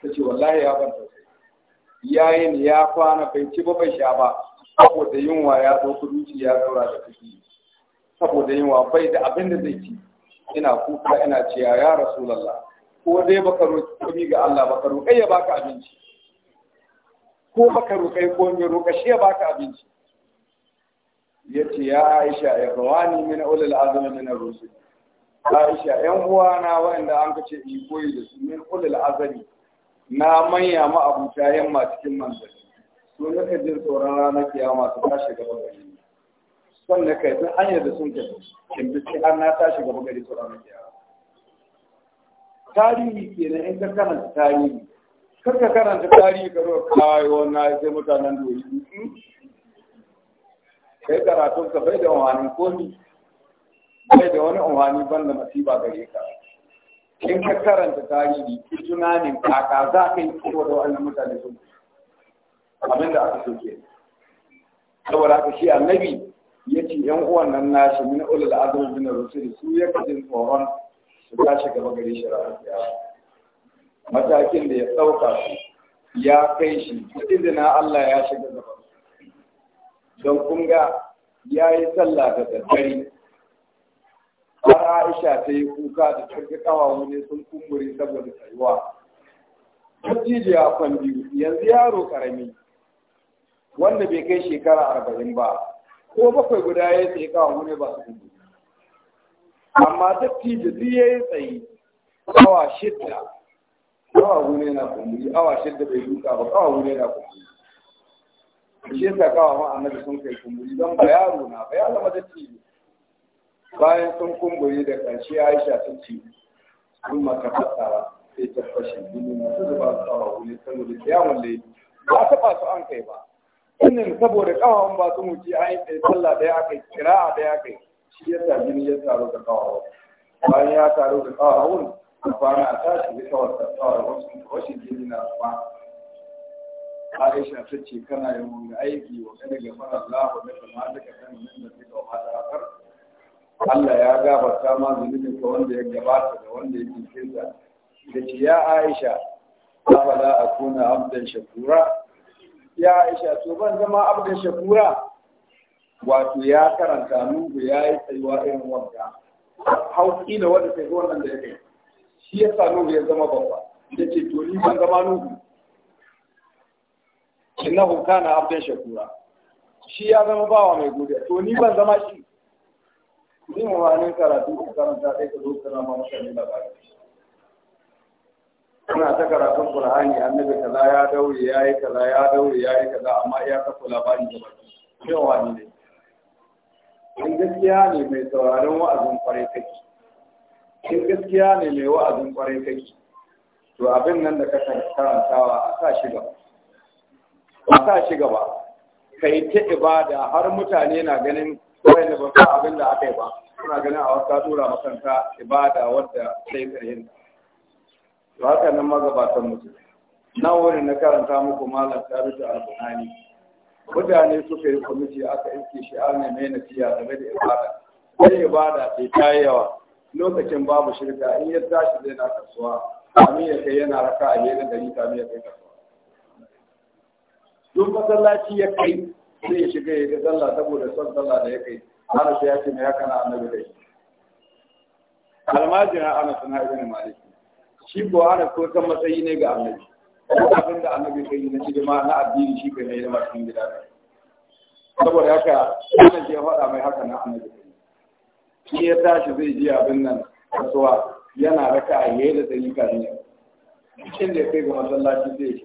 ta ce wallahi ya ban tausayi ya yi ne ya kwana bai ci ba bai sha ba saboda yunwa ya zo kuduci ya zaura da kuɗi saboda yunwa bai da abin da zai ci ina kuka ina ciya ya rasulallah ko dai baka roƙi komi ga Allah baka roƙai ya baka abinci ko baka roƙai mai roƙa shi ya baka abinci ya ce ya Aisha ya rawani min ulul azmi min ar-rusul Aisha yan uwana waɗanda an kace in koyi da su min ulul azmi na manya ma'abuta yamma cikin manzanni to na ka jin tsoron ranar kiyama su tashi gaba gari son na kai sun hanyar da sun kai in bi sai an na tashi gaba gari su ranar kiyama tarihi kenan in ka karanta tarihi kar ka karanta tarihi ka zo kayo na sai mutanen doyi kai karatun ka bai da wani komi bai da wani umarni ban da masifa gare ka in ka karanta tarihi tunanin kaka za ka yi kowa da wannan mutane sun abin da aka so ke saboda haka shi annabi ya ce yan uwan nan nashi min ulul azmi bin rusul su ya kace tsoron su tashi gaba gare shi ranar kiyama matakin da ya dauka ya kai shi izina Allah ya shiga gaba don kun ga ya yi sallah da daddare har Aisha ta yi kuka da tarki kawa wani sun kumbure saboda tsayuwa. Dattijo a kwandi yanzu yaro karami wanda bai kai shekara arba'in ba ko bakwai guda ya tsaye kawa wani ba su kumbure. Amma dattijo duk ya yi tsaye awa shidda awa ne na kumbure awa shidda bai duka ba kawawu ne na kumbure. Shi yasa kawawan annabi sun kai kumbure don ba yaro na ba ya zama dattijo. bayan sun kumbure da ƙarshe aisha ta ce sun maka fasa sai ta fashe gini na su zuba su awa wuri saboda kiyamun lai ba a ba su an kai ba wannan saboda kawawan ba su muci an yi tsaye sallah ɗaya aka yi a ɗaya aka yi shi ya sa jini ya taru da kawawan bayan ya taru da kawawan a kwana a tashi da kawar da wasu rashin jini na su ba aisha ta ce kana yin aiki wa kada ga Allah wa da kamar da ka sani nan da suka wata akar Allah ya gabata ma zunubin ka wanda ya gabata da wanda ya jinkirta da ce ya Aisha afala akuna abdan shakura ya Aisha to ban zama abdan shakura wato ya karanta nugu ya yi tsayuwa irin wanda hauki da wanda sai nan da ya kai shi ya sa nugu ya zama babba ya ce to ni ban zama nugu innahu kana abdan shakura shi ya zama bawa mai godiya to ni ban zama shi yin wani karatu ka karanta ɗaya ka zo kana ma mutane labari Ina ta karatun Qur'ani annabi kaza ya daure ya yi kaza ya daure ya yi kaza amma iya kafa labari da baki yin wani ne in gaskiya ne mai sauraron wa'azin kwarai kake in gaskiya ne mai wa'azin kwarai kake to abin nan da ka karantawa a sa shi gaba a sa shi gaba kai ta ibada har mutane na ganin wayanda ba sa abin da aka yi ba suna ganin a wata dora makanta ibada wadda sai fahimta to haka nan magabatan mutum na wani na karanta muku malam sabitu al-bunani mutane suka yi kwamiti aka iske shi ne mai nasiya game da ibada sai ibada ce ta yawa lokacin babu shirka in ya tashi zai na kasuwa kamin ya kai yana raka a yi na dari kamin kai kasuwa duk masallaci ya kai sai ya shiga ya ga sallah saboda son sallah da yake kai Anas ya ce me haka na annabi da shi almajirin Anas na ibn Malik shi ko ana ko kan matsayi ne ga annabi ko abin da annabi kai na ma na addini shi kai na hidima cikin gida saboda haka shi ya faɗa mai haka na annabi shi ya tashi zai ji abin nan kasuwa yana raka a yayi da yi kafin ya cikin da ya kai ga masallaci zai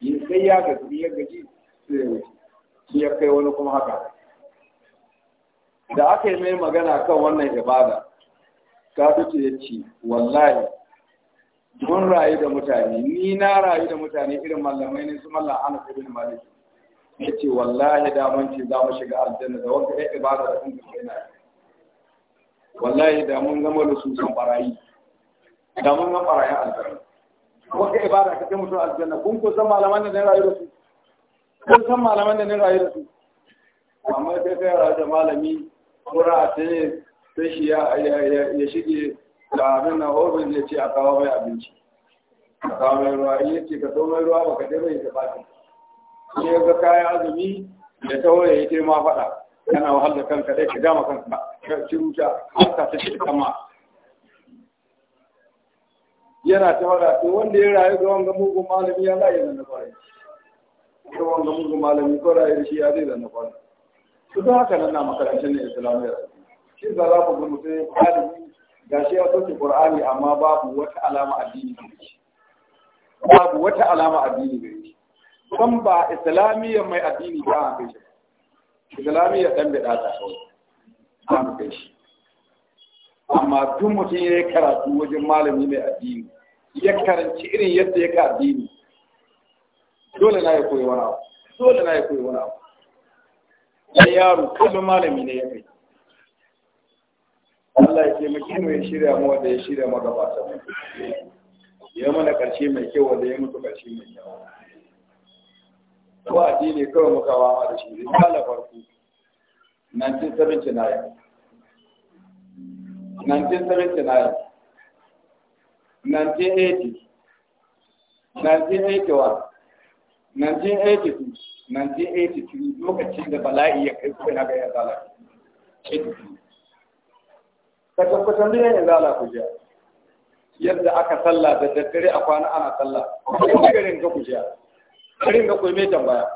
yi, sai ya ya gaji sai ya wuce shi ya kai wani kuma haka da aka yi mai magana kan wannan ibada kadutu ya ce wallahi mun rayu da mutane ni na rayu da mutane irin mallamai ne su mallan sai bin malik ya ce wallahi da mun ce za mu shiga aljanna da wanda ya ibada da kuma kai na wallahi da mun gama da su san barayi da mun zama barayin aljanna wanda ibada ka ce mutum aljanna kun ko san malaman da rayu da su kun san malaman da ni rayu da su amma sai kai rayu da malami kura a tsaye sai shi ya shige da abin na ofis ya ce a kawo mai abinci a kawo mai ruwa ya ce ka mai ruwa ba ka dai ya taɓa ta shi ga kayan azumi da ta ya yi ma faɗa kana wahal da kanka dai ka dama kanka ka ci ruta har ka ta ce kama yana ta faɗa to wanda ya rayu ga wanga mugun malami ya rayu na faru yawan ga mugu malami ko ra'ayi shi ya zai zanna kwana su don haka nan na makarantar na islamiyya shi za za ku ga mutum ɗalibi ga shi ya soke qur'ani amma babu wata alama addini ga shi babu wata alama addini ga shi ban ba islamiyya mai addini ba a kai shi islamiyya dan bai ɗata kawai an kai shi amma duk mutum ya yi karatu wajen malami mai addini ya karanci irin yadda ya ka addini dole na ya koyi wani abu dole na ya koyi wani abu dan yaro kallon malami ne ya kai Allah ya ce maki mu ya shirya mu wanda ya shirya mu gaba ta ya mana karshe mai kyau wanda ya mutu karshe mai kyau ko addini kawai muka wawa da shi risala farko 1979 1979 1980 1981 1982 1982 lokacin da bala'i ya kai kuma ga ya zala ka tabbatar da ya zala ku jiya yadda aka sallah da daddare a kwana ana sallah kuma garin ka ku jiya garin ka kuma tambaya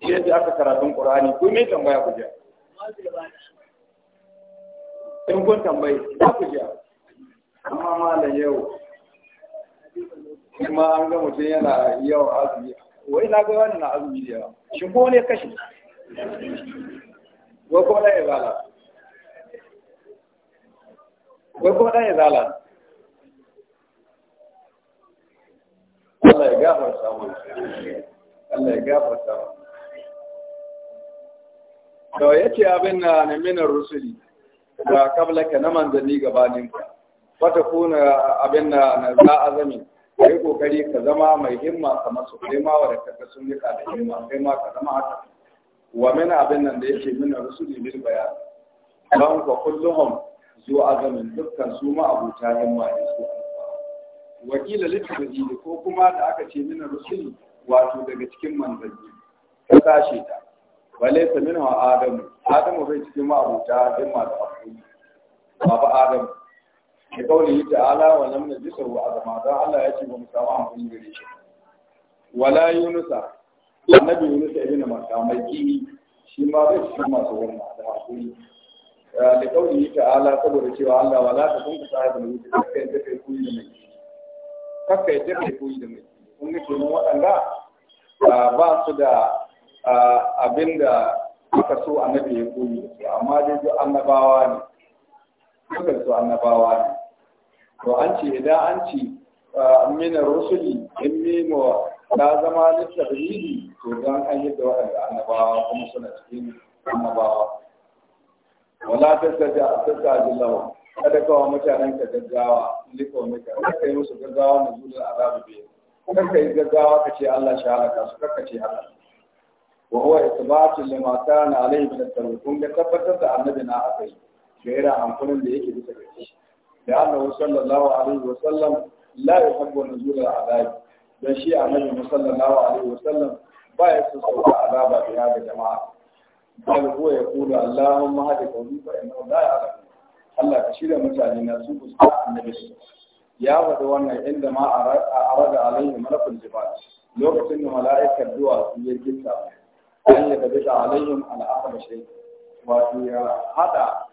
yadda aka karatun qur'ani kuma tambaya ku jiya in kun tambayi za ku jiya amma malam yau kuma an ga mutum yana yawan azumi wai na ga wani na azumi da yawa shin ko ne kashi wai ko ɗaya zala wai ko ɗaya zala Allah ya gafarta mu Allah ya gafarta mu to yace abin na na minar rusuli da kablaka na manzanni gabanin ka wata kuna abin na na a zamin kai kokari ka zama mai himma kamar su kai ma wanda kaga sun yi ka da himma kai ma ka zama haka wa min abin nan da yake rusu rusuli bil bayan dan ko kulluhum zu azamin dukkan su ma abuta himma ne su wakila ne ko kuma da aka ce min rusuli wato daga cikin manzanni ka tashi ta wale ta min wa adamu adamu bai cikin ma abuta himma da ba ba adamu da kauli ta'ala wa lam najisahu azama dan Allah ya ce ba mu samu amfani gare shi wala yunusa annabi yunusa ibn makamaki shi ma zai ma masu wannan da hakuri da kauli ta'ala saboda cewa Allah wala ta kunta sahibul wuti kai da kai kuyi da mai kai da kai kuyi da mai kun ga kuma waɗanda ba su da abinda da aka so annabi ya koyi da su amma dai duk annabawa ne dukkan so annabawa ne to an ce idan an ce amina rusuli in mimo ta zama littafi to zan an yi da waɗanda annabawa kuma suna cikin annabawa wala ta sada ta sada lawa kada kawo mutanen ka gaggawa liko mika kada kai musu gaggawa na zuwa azabu bai kada kai gaggawa ka ce Allah shi halaka su kada ce haka wa huwa isbatu lima kana alayhi min at-tawhid kun ga tabbatar da annabi na ga gaira amfanin da yake bisa gaci لأنه صلى الله عليه وسلم لا يحب نزول العذاب dan shi annabi sallallahu alaihi wasallam ba ya so sauka azaba da ya ga jama'a bal huwa yaqulu allahumma hadi qawmi fa innahu la ya'lamu Allah ka shirya mutane na su kusa annabi ya wada wannan inda ma arada alaihi malakul jibal lokacin da mala'ikar duwatsu ya gita an ya gabe da alaihim al'aqab shay wato ya hada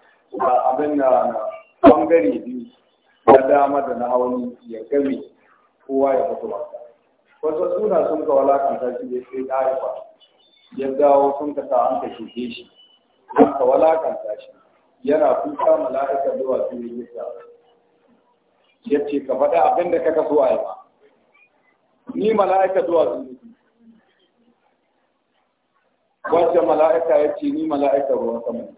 abin da bangare biyu na dama da na hauni ya game kowa ya fito ba wasu suna sun ka walakanta shi ya sai ɗaya ya dawo sun ka sa an ka shuke shi an ka walakanta shi yana kuka mala'ika zuwa su ne yasa ya ce ka faɗa abin da kaka so a yi ba ni mala'ika zuwa su ne wacce mala'ika ya ce ni mala'ika ruwan sama ne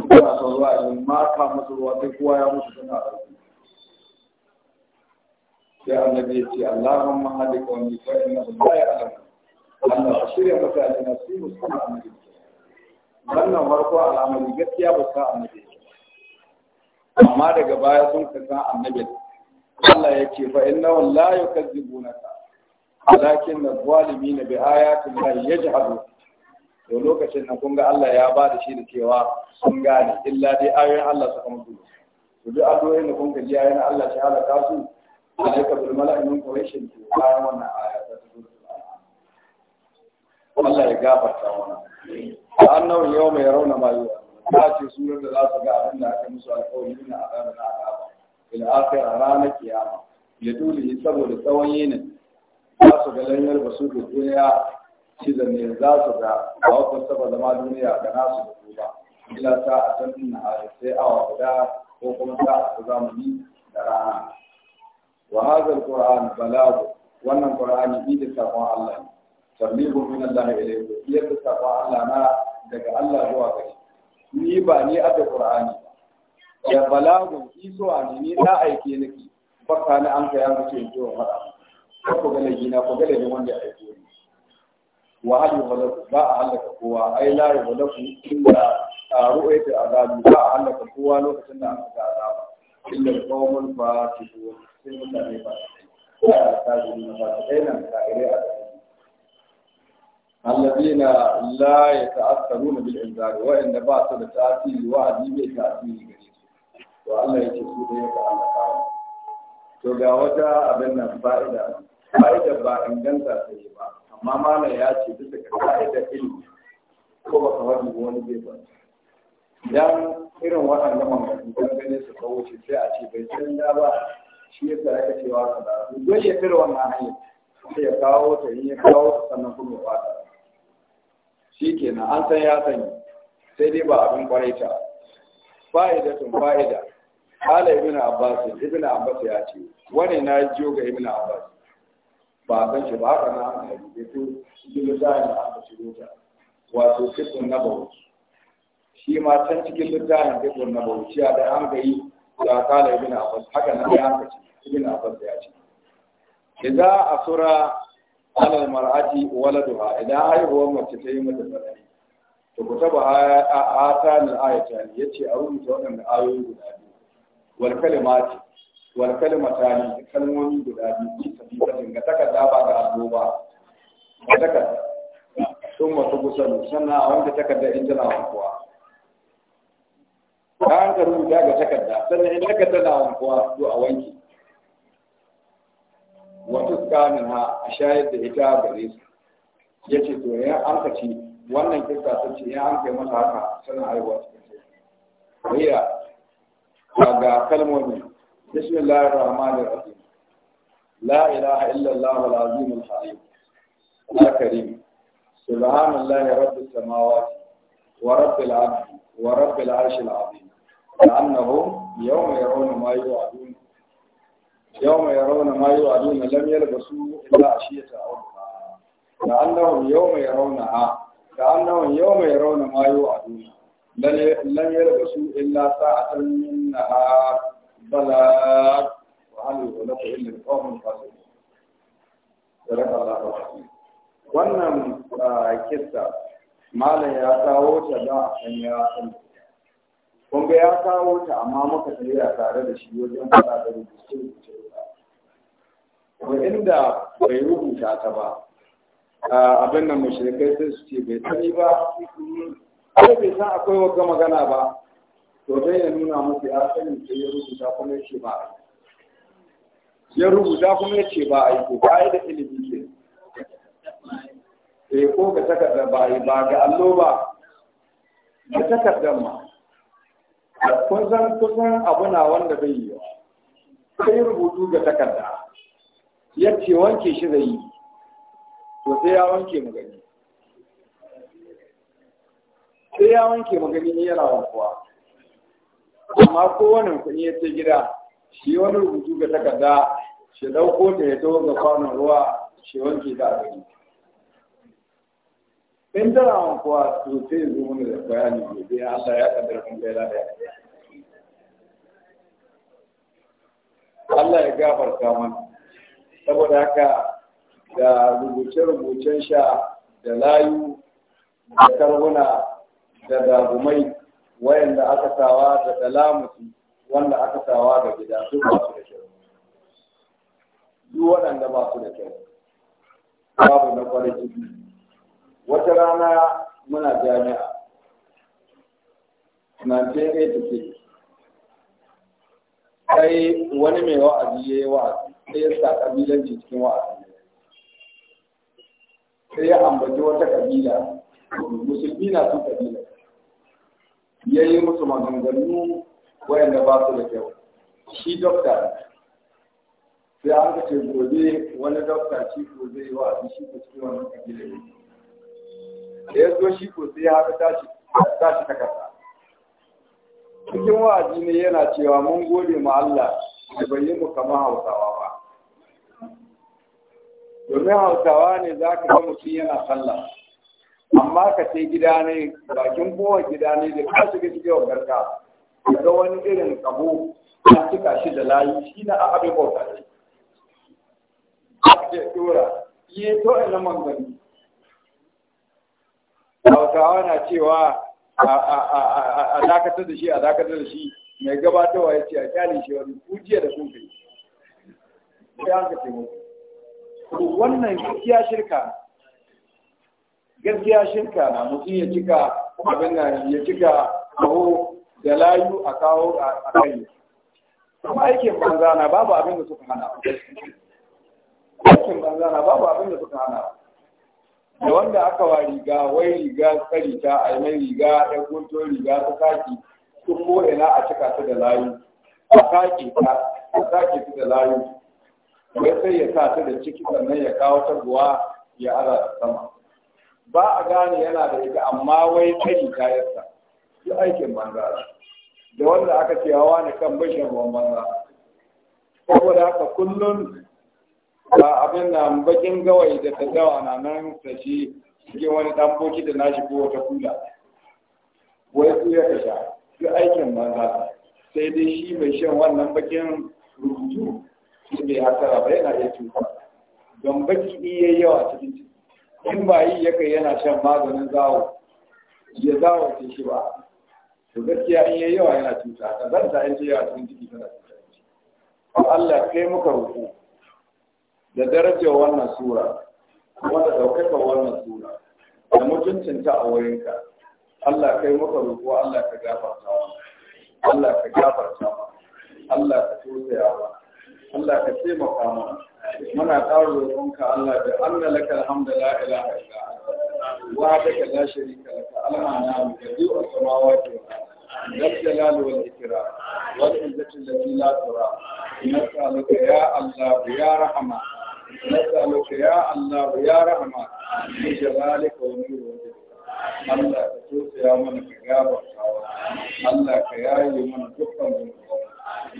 ko a sau ruwa maka musu ruwa sai kowa ya mutu suna ɗauki sai annabi ya ce Allahumma halik wa min fa inna la ya'lamu Allah ka shirya mutane na su musulma annabi wannan farko alamari gaskiya ba sa annabi amma daga baya sun ka san annabi Allah ya ce fa innahum la yukazzibunaka walakin adh-dhalimina bi ayati llahi yaj'alun to lokacin na kun ga Allah ya ba da shi da cewa sun gane illa dai ayoyin Allah suka mutu to duk addu'o'in da kun ga ji ayoyin Allah shi halaka su alaika bil mala'in quraishin to bayan wannan aya ta Allah ya gafarta mana annahu yawma yarawna ma yu ta ce surar da za su ga abin da aka musu alƙawari na azabin azaba ila akhir ranar kiyama ya dole saboda tsawon yinin za su ga lanyar basu da duniya shi da ne za su ga a wata saba zama duniya da nasu da duba ila ta a can na a sai awa guda ko kuma ta a zamani da rana wa hazal qur'an balagu wannan qur'ani bi da sakon Allah ne tabligu min Allah ilayhi ya da sakon Allah na daga Allah zuwa gare ni ba ni a da qur'ani ya balagu iso ani ni da aike nake baka na an kai an ce to hada ko ga lagina ko ga lagin wanda ya aike ni wa hal yuhlaku ba a halaka kowa ai la yuhlaku inda ru'ayta azabi ba a halaka kowa lokacin da aka ga azaba illa qawmun fasiqun sai mutane ba الذين لا يتأثرون بالإنذار وإن بعث التأثير وعدي بالتأثير والله يجسد يتعلق to ga wata abin nan fa'ida fa'idar ba inganta ta ba amma ya ce bisa ka ka'idar ilimi ko ba ka wani wani zai ba dan irin waɗanda mamaki don gane su ka wuce sai a ce bai san da ba shi yasa aka cewa ka da su don ya fira wannan hanyar sai ya kawo ta in ya kawo ta sannan kuma ba ta shi kenan an san ya sani sai dai ba abin kwarai ta Fa'ida tun fa'ida ala ibn abbas ibn abbas ya ce wani na jiyo ga ibn abbas ba a san shi ba haka na an kai da su cikin littafin da aka shi ta wato na bauchi shi ma can cikin littafin na bauchi a da an yi da kala ibn abbas haka na ya aka ce ibn abbas ya ce idza asura ala mar'ati duha idan haihuwar mace ta yi mata tsanani to ku taba atan ya yace a rubuta waɗannan ayoyi guda biyu wal kalimati wal kalmatani da kalmomi guda biyu ta bi ta ga takarda ba ga allo ba ga takarda sun wasu gusalu sannan a wanda takarda in tana wankuwa bayan ka rubuta ga takarda sannan in takarda na wankuwa to a wanki wata tsakanin ha a shayar da ita gare su ya ce to ya an ka ci wannan kirka sun ce ya an kai masa haka sannan a yi wasu kirka. Bayyana ga kalmomin بسم الله الرحمن الرحيم لا إله إلا الله العظيم الحليم الكريم سبحان الله رب السماوات ورب العبد ورب العرش العظيم لأنه يوم يرون ما يوعدون يوم يرون ما يوعدون لم يلبسوا إلا عشية أو لأنهم يوم يرونها كأنهم يوم يرون ما يوعدون لن يلبسوا إلا ساعة من نهار البلد وهل يغلق إلا القوم الفاسقون صدق الله العظيم wannan kissa malam ya kawo ta da an ya san kun ga ya kawo ta amma muka tsaya tare da shi wajen fada da rubutu ko inda bai rubuta ta ba abin nan mashirikai sai su ce bai sani ba ko bai san akwai wata magana ba to dai ya nuna musu ya sani sai ya rubuta kuma ya ce ba a ya rubuta kuma ya ce ba a yi ko ba da ilimi ke eh ko ka takarda ba yi ba ga allo ba ga takardar ma kun san kusan abu na wanda bai yi sai rubutu ga takarda ya ce wanke shi zai yi to sai ya wanke mu gani sai ya wanke mu gani yana wankuwa amma kowane kun ya ce gida shi wani rubutu ga takarda shi dauko ta ya tawo ga kwanon ruwa shi wanke da abin in tana kuwa to sai zo mana da bayani gobe sa ya kaddara kun kai lafiya Allah ya gafarta mana saboda haka da rubuce-rubucen sha da layu da karbuna da dagumai wayanda aka sawa da dalamutu wanda aka sawa ga gida su ba su da kyau duk waɗanda ba su da kyau babu na kwarai ciki wata rana muna jami'a 1986 Kai wani mai wa'azi ya yi wa'azi sai ya sa ƙabilanci cikin wa'azi sai ya ambaci wata ƙabila musulmi na su ƙabila ya yi musu maganganu wayanda ba su da kyau shi dokta sai an ka ce gobe wani dokta shi ko zai yi wa'azi shi ko cikin wannan kabila ne da ya zo shi ko sai ya haka tashi tashi kasa. cikin wa'azi ne yana cewa mun gode ma Allah da bai yi mu kamar Hausawa ba domin Hausawa ne za ka ga mutum yana sallah amma ka ce gida ne bakin kowa gida ne da ka shiga cikin garka ka ga wani irin kabo an cika shi da layi shi na a abin bauta ne ake tura yi to ina mangani hausawa na cewa a dakatar da shi a dakatar da shi mai gabatarwa ya ce a kyalin shi wani kujiya da kun kai ya an ce taimako wannan gaskiya shirka gaskiya shirka na mutum ya cika abin da ya cika kawo da layu a kawo a kai kuma aikin banza na babu abin da suka hana aikin banza na babu abin da suka hana da wanda aka wa riga wai riga tsari ta a mai riga ya gunto riga ta saki sun ko ina a cika su da layu a saki ta a saki su da layu wai sai ya sa ta da ciki sannan ya kawo ta guwa ya ala sama ba a gane yana da ita amma wai tsari kayansa duk aikin banza da wanda aka ce hawa ne kan bashin ruwan banza saboda haka kullum ba abin na bakin gawayi da ta tattawa na nan tashi cikin wani boki da nashi ko wata kula wai su ya kasha duk aikin banza sai dai shi mai shan wannan bakin rubutu shi bai hasara ba yana iya cuta don baki iya yawa cikin ciki in ba yi ya kai yana shan maganin zawo ya zawo ce shi ba to gaskiya in yi yawa yana cuta ta zan ta yace yawa sun jiki tana cuta Ba Allah kai muka ruku da darajar wannan sura wanda daukaka wannan sura da mutuncinta a wurinka Allah kai muka ruku Allah ka gafarta Allah ka gafarta Allah ka tausaya Allah ka taimaka mana muna ƙara roƙonka Allah da anna laka alhamdu la ilaha illa anta wa bika la sharika laka almana wa badi'u samawati wal ardi dal jalal wal ikram wal izzati allati la tura nas'aluka ya Allah ya rahama nas'aluka ya Allah ya rahama bi jalalika wa nuru wajhika Allah ka tausaya mana ka gafarta Allah ka yaye mana dukkan mu.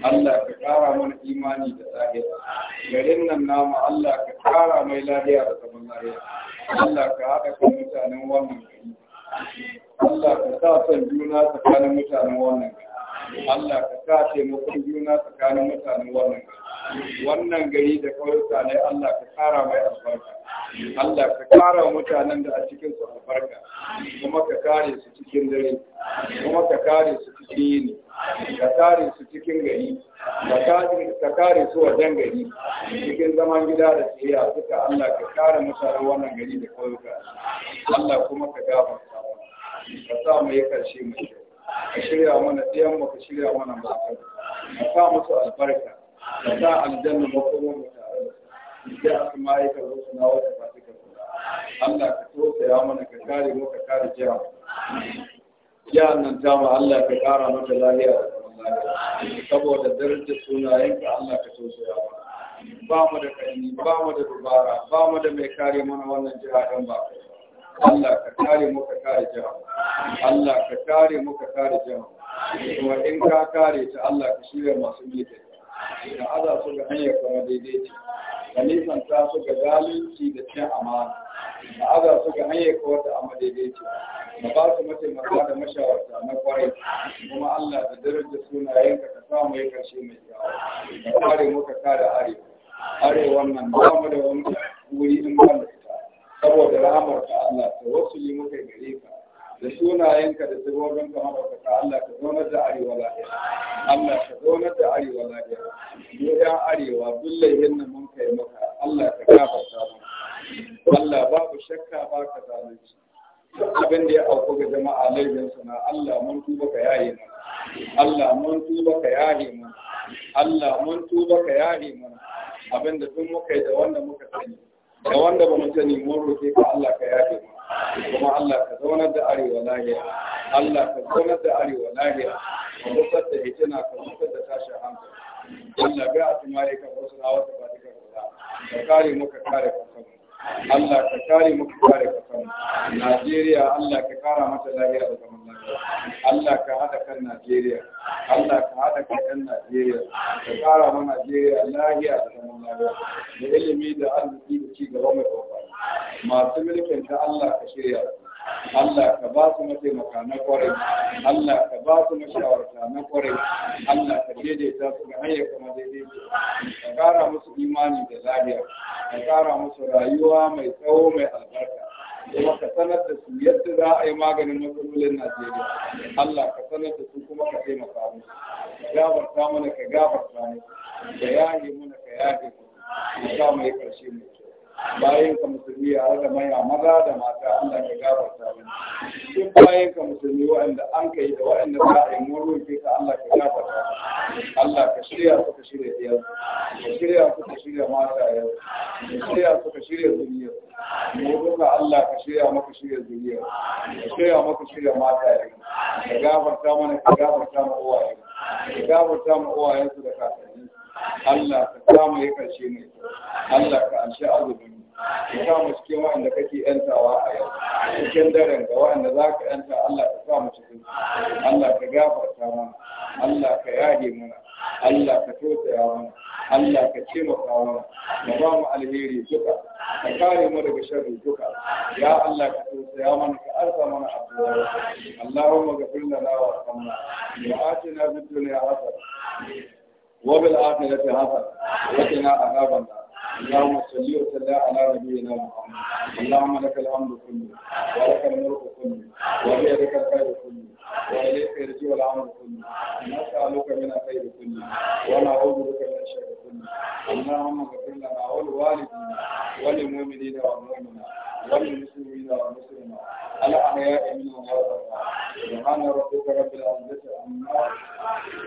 Allah ka kara mana imani da lahiya garin nan namu Allah ka kara mai lahiya da zaman lahiya Allah ka haɗa kan mutanen wannan gari Allah ka sa son juna tsakanin mutanen wannan gari Allah ka sa taimakon juna tsakanin mutanen wannan gari wannan gari da kawai ne Allah ka kara mai albarka Allah ka kara mutanen da a cikin su albarka kuma ka kare su cikin dare kuma ka kare su cikin yini ka kare su cikin gari ka kare su wajen gari cikin zaman gida da tsiriya duka Allah ka kare mutanen wannan gari da kauyuka Allah kuma ka gafarta ka sa mu yi karshe mai kyau ka shirya mana ɗiyan mu ka shirya mana matan ka sa musu albarka ka sa aljanna makomar mu tare da su ya asma ya karo su na wata ba duka Allah ka tausaya mana ka kare mu ka kare jira ya nan jama Allah ka kara mata lafiya saboda darajar yanka Allah ka tausaya mana ba mu da ƙarni ba mu da dubara ba mu da mai kare mana wannan jiha dan ba Allah ka kare mu ka kare jiha Allah ka kare mu ka kare jiha kuma in ka kare ta Allah ka shirya masu mita da aza su ga hanyar kuma daidai da ta su ga zalunci da cin amana da aza su ga hanyar kawar da amma daidaici da ba su mataimaka da mashawarta na kwarai kuma Allah da daraja sunayenka ka samu ya karshe mai yawa da kare muka da arewa arewa nan ba mu da wani wuri in ban da saboda rahamar ka Allah ta wasu yi muka gare ka da sunayenka da sabobin ka maɗaukaka Allah ka zaunar da arewa lafiya Allah ka zaunar da arewa lafiya mu ɗan arewa bullayen nan mun kai maka Allah ka gafarta mu Allah babu shakka ba ka zalunci abin da ya auku ga jama'a laifin na Allah mun tuba ka yaye mu Allah mun tuba ka yaye mu Allah mun tuba ka yaye mu abin da duk muka yi da wanda muka sani da wanda ba mu sani mun roƙe ka Allah ka yafe mu kuma Allah ka zauna da arewa lahiya Allah ka zauna da arewa lahiya ka nufar da hitina ka nufar da tashin hankali Allah ga a tumare ka wasu na wata ba duka guda ka kare muka kare kasanmu Allah ka kare mu ka kare kasanmu Najeriya Allah ka kara mata lahiya da zaman Allah ka haɗa kan Najeriya Allah ka haɗa kan yan Najeriya ka ƙara ma Najeriya lahiya da zaman lafiya da ilimi da arziki da ci gaba mai amfani masu mulkin ta Allah ka shirya Allah ka ba su mataimaka na kwarai Allah ka ba su mashawarta na kwarai Allah ka daidaita su ga hanyar kuma daidaita ka ƙara musu imani da lahiya ka ƙara musu rayuwa mai tsawo mai albarka kuma ka sanar da su yadda za a yi maganin matsalolin Najeriya Allah ka sanar da su kuma ka taimaka mu gafarta mana ka gafarta mu ka yaye mana ka yaye mu ka sa mu yi karshe mu bayan ka musulmi a da maya maza da mata Allah ka gafarta mu duk bayan ka musulmi waɗanda an kai da waɗanda za a yi mun roƙe ka Allah ka gafarta Allah ka shirya su ka shirya iyal ka shirya su ka shirya mata yau ka shirya su ka shirya duniyar mu roƙa Allah ka shirya maka shirya zuriya ka shirya maka shirya mata ka gafarta mana ka gafarta mu uwaye ka gafarta mu su da kakanni Allah ka samu ya karshe ne Allah ka anshi azumin ka sa mu cikin waɗanda kake yantawa a yau cikin daren ga waɗanda za ka yanta Allah ka sa mu cikin Allah ka gafarta mana Allah ka yage mana Allah ka tausaya mana Allah ka ma kawo ka ba mu alheri duka ka kare mu daga sharri duka ya Allah ka tausaya mana ka arza mana addu'a Allahumma ghfir lana wa arhamna wa atina fid dunya hasana wa bil akhirati hasana wa qina adhaban اللهم صل وسلم على نبينا محمد اللهم لك الحمد كله ولك الملك كله وبيدك الخير كله وإليك يرجع الأمر كله نسألك من الخير كله ونعوذ بك من الشر كله اللهم اغفر لنا ولوالدينا وللمؤمنين والمؤمنات وللمسلمين والمسلمات الأحياء منهم والأموات سبحان ربك رب العزة عما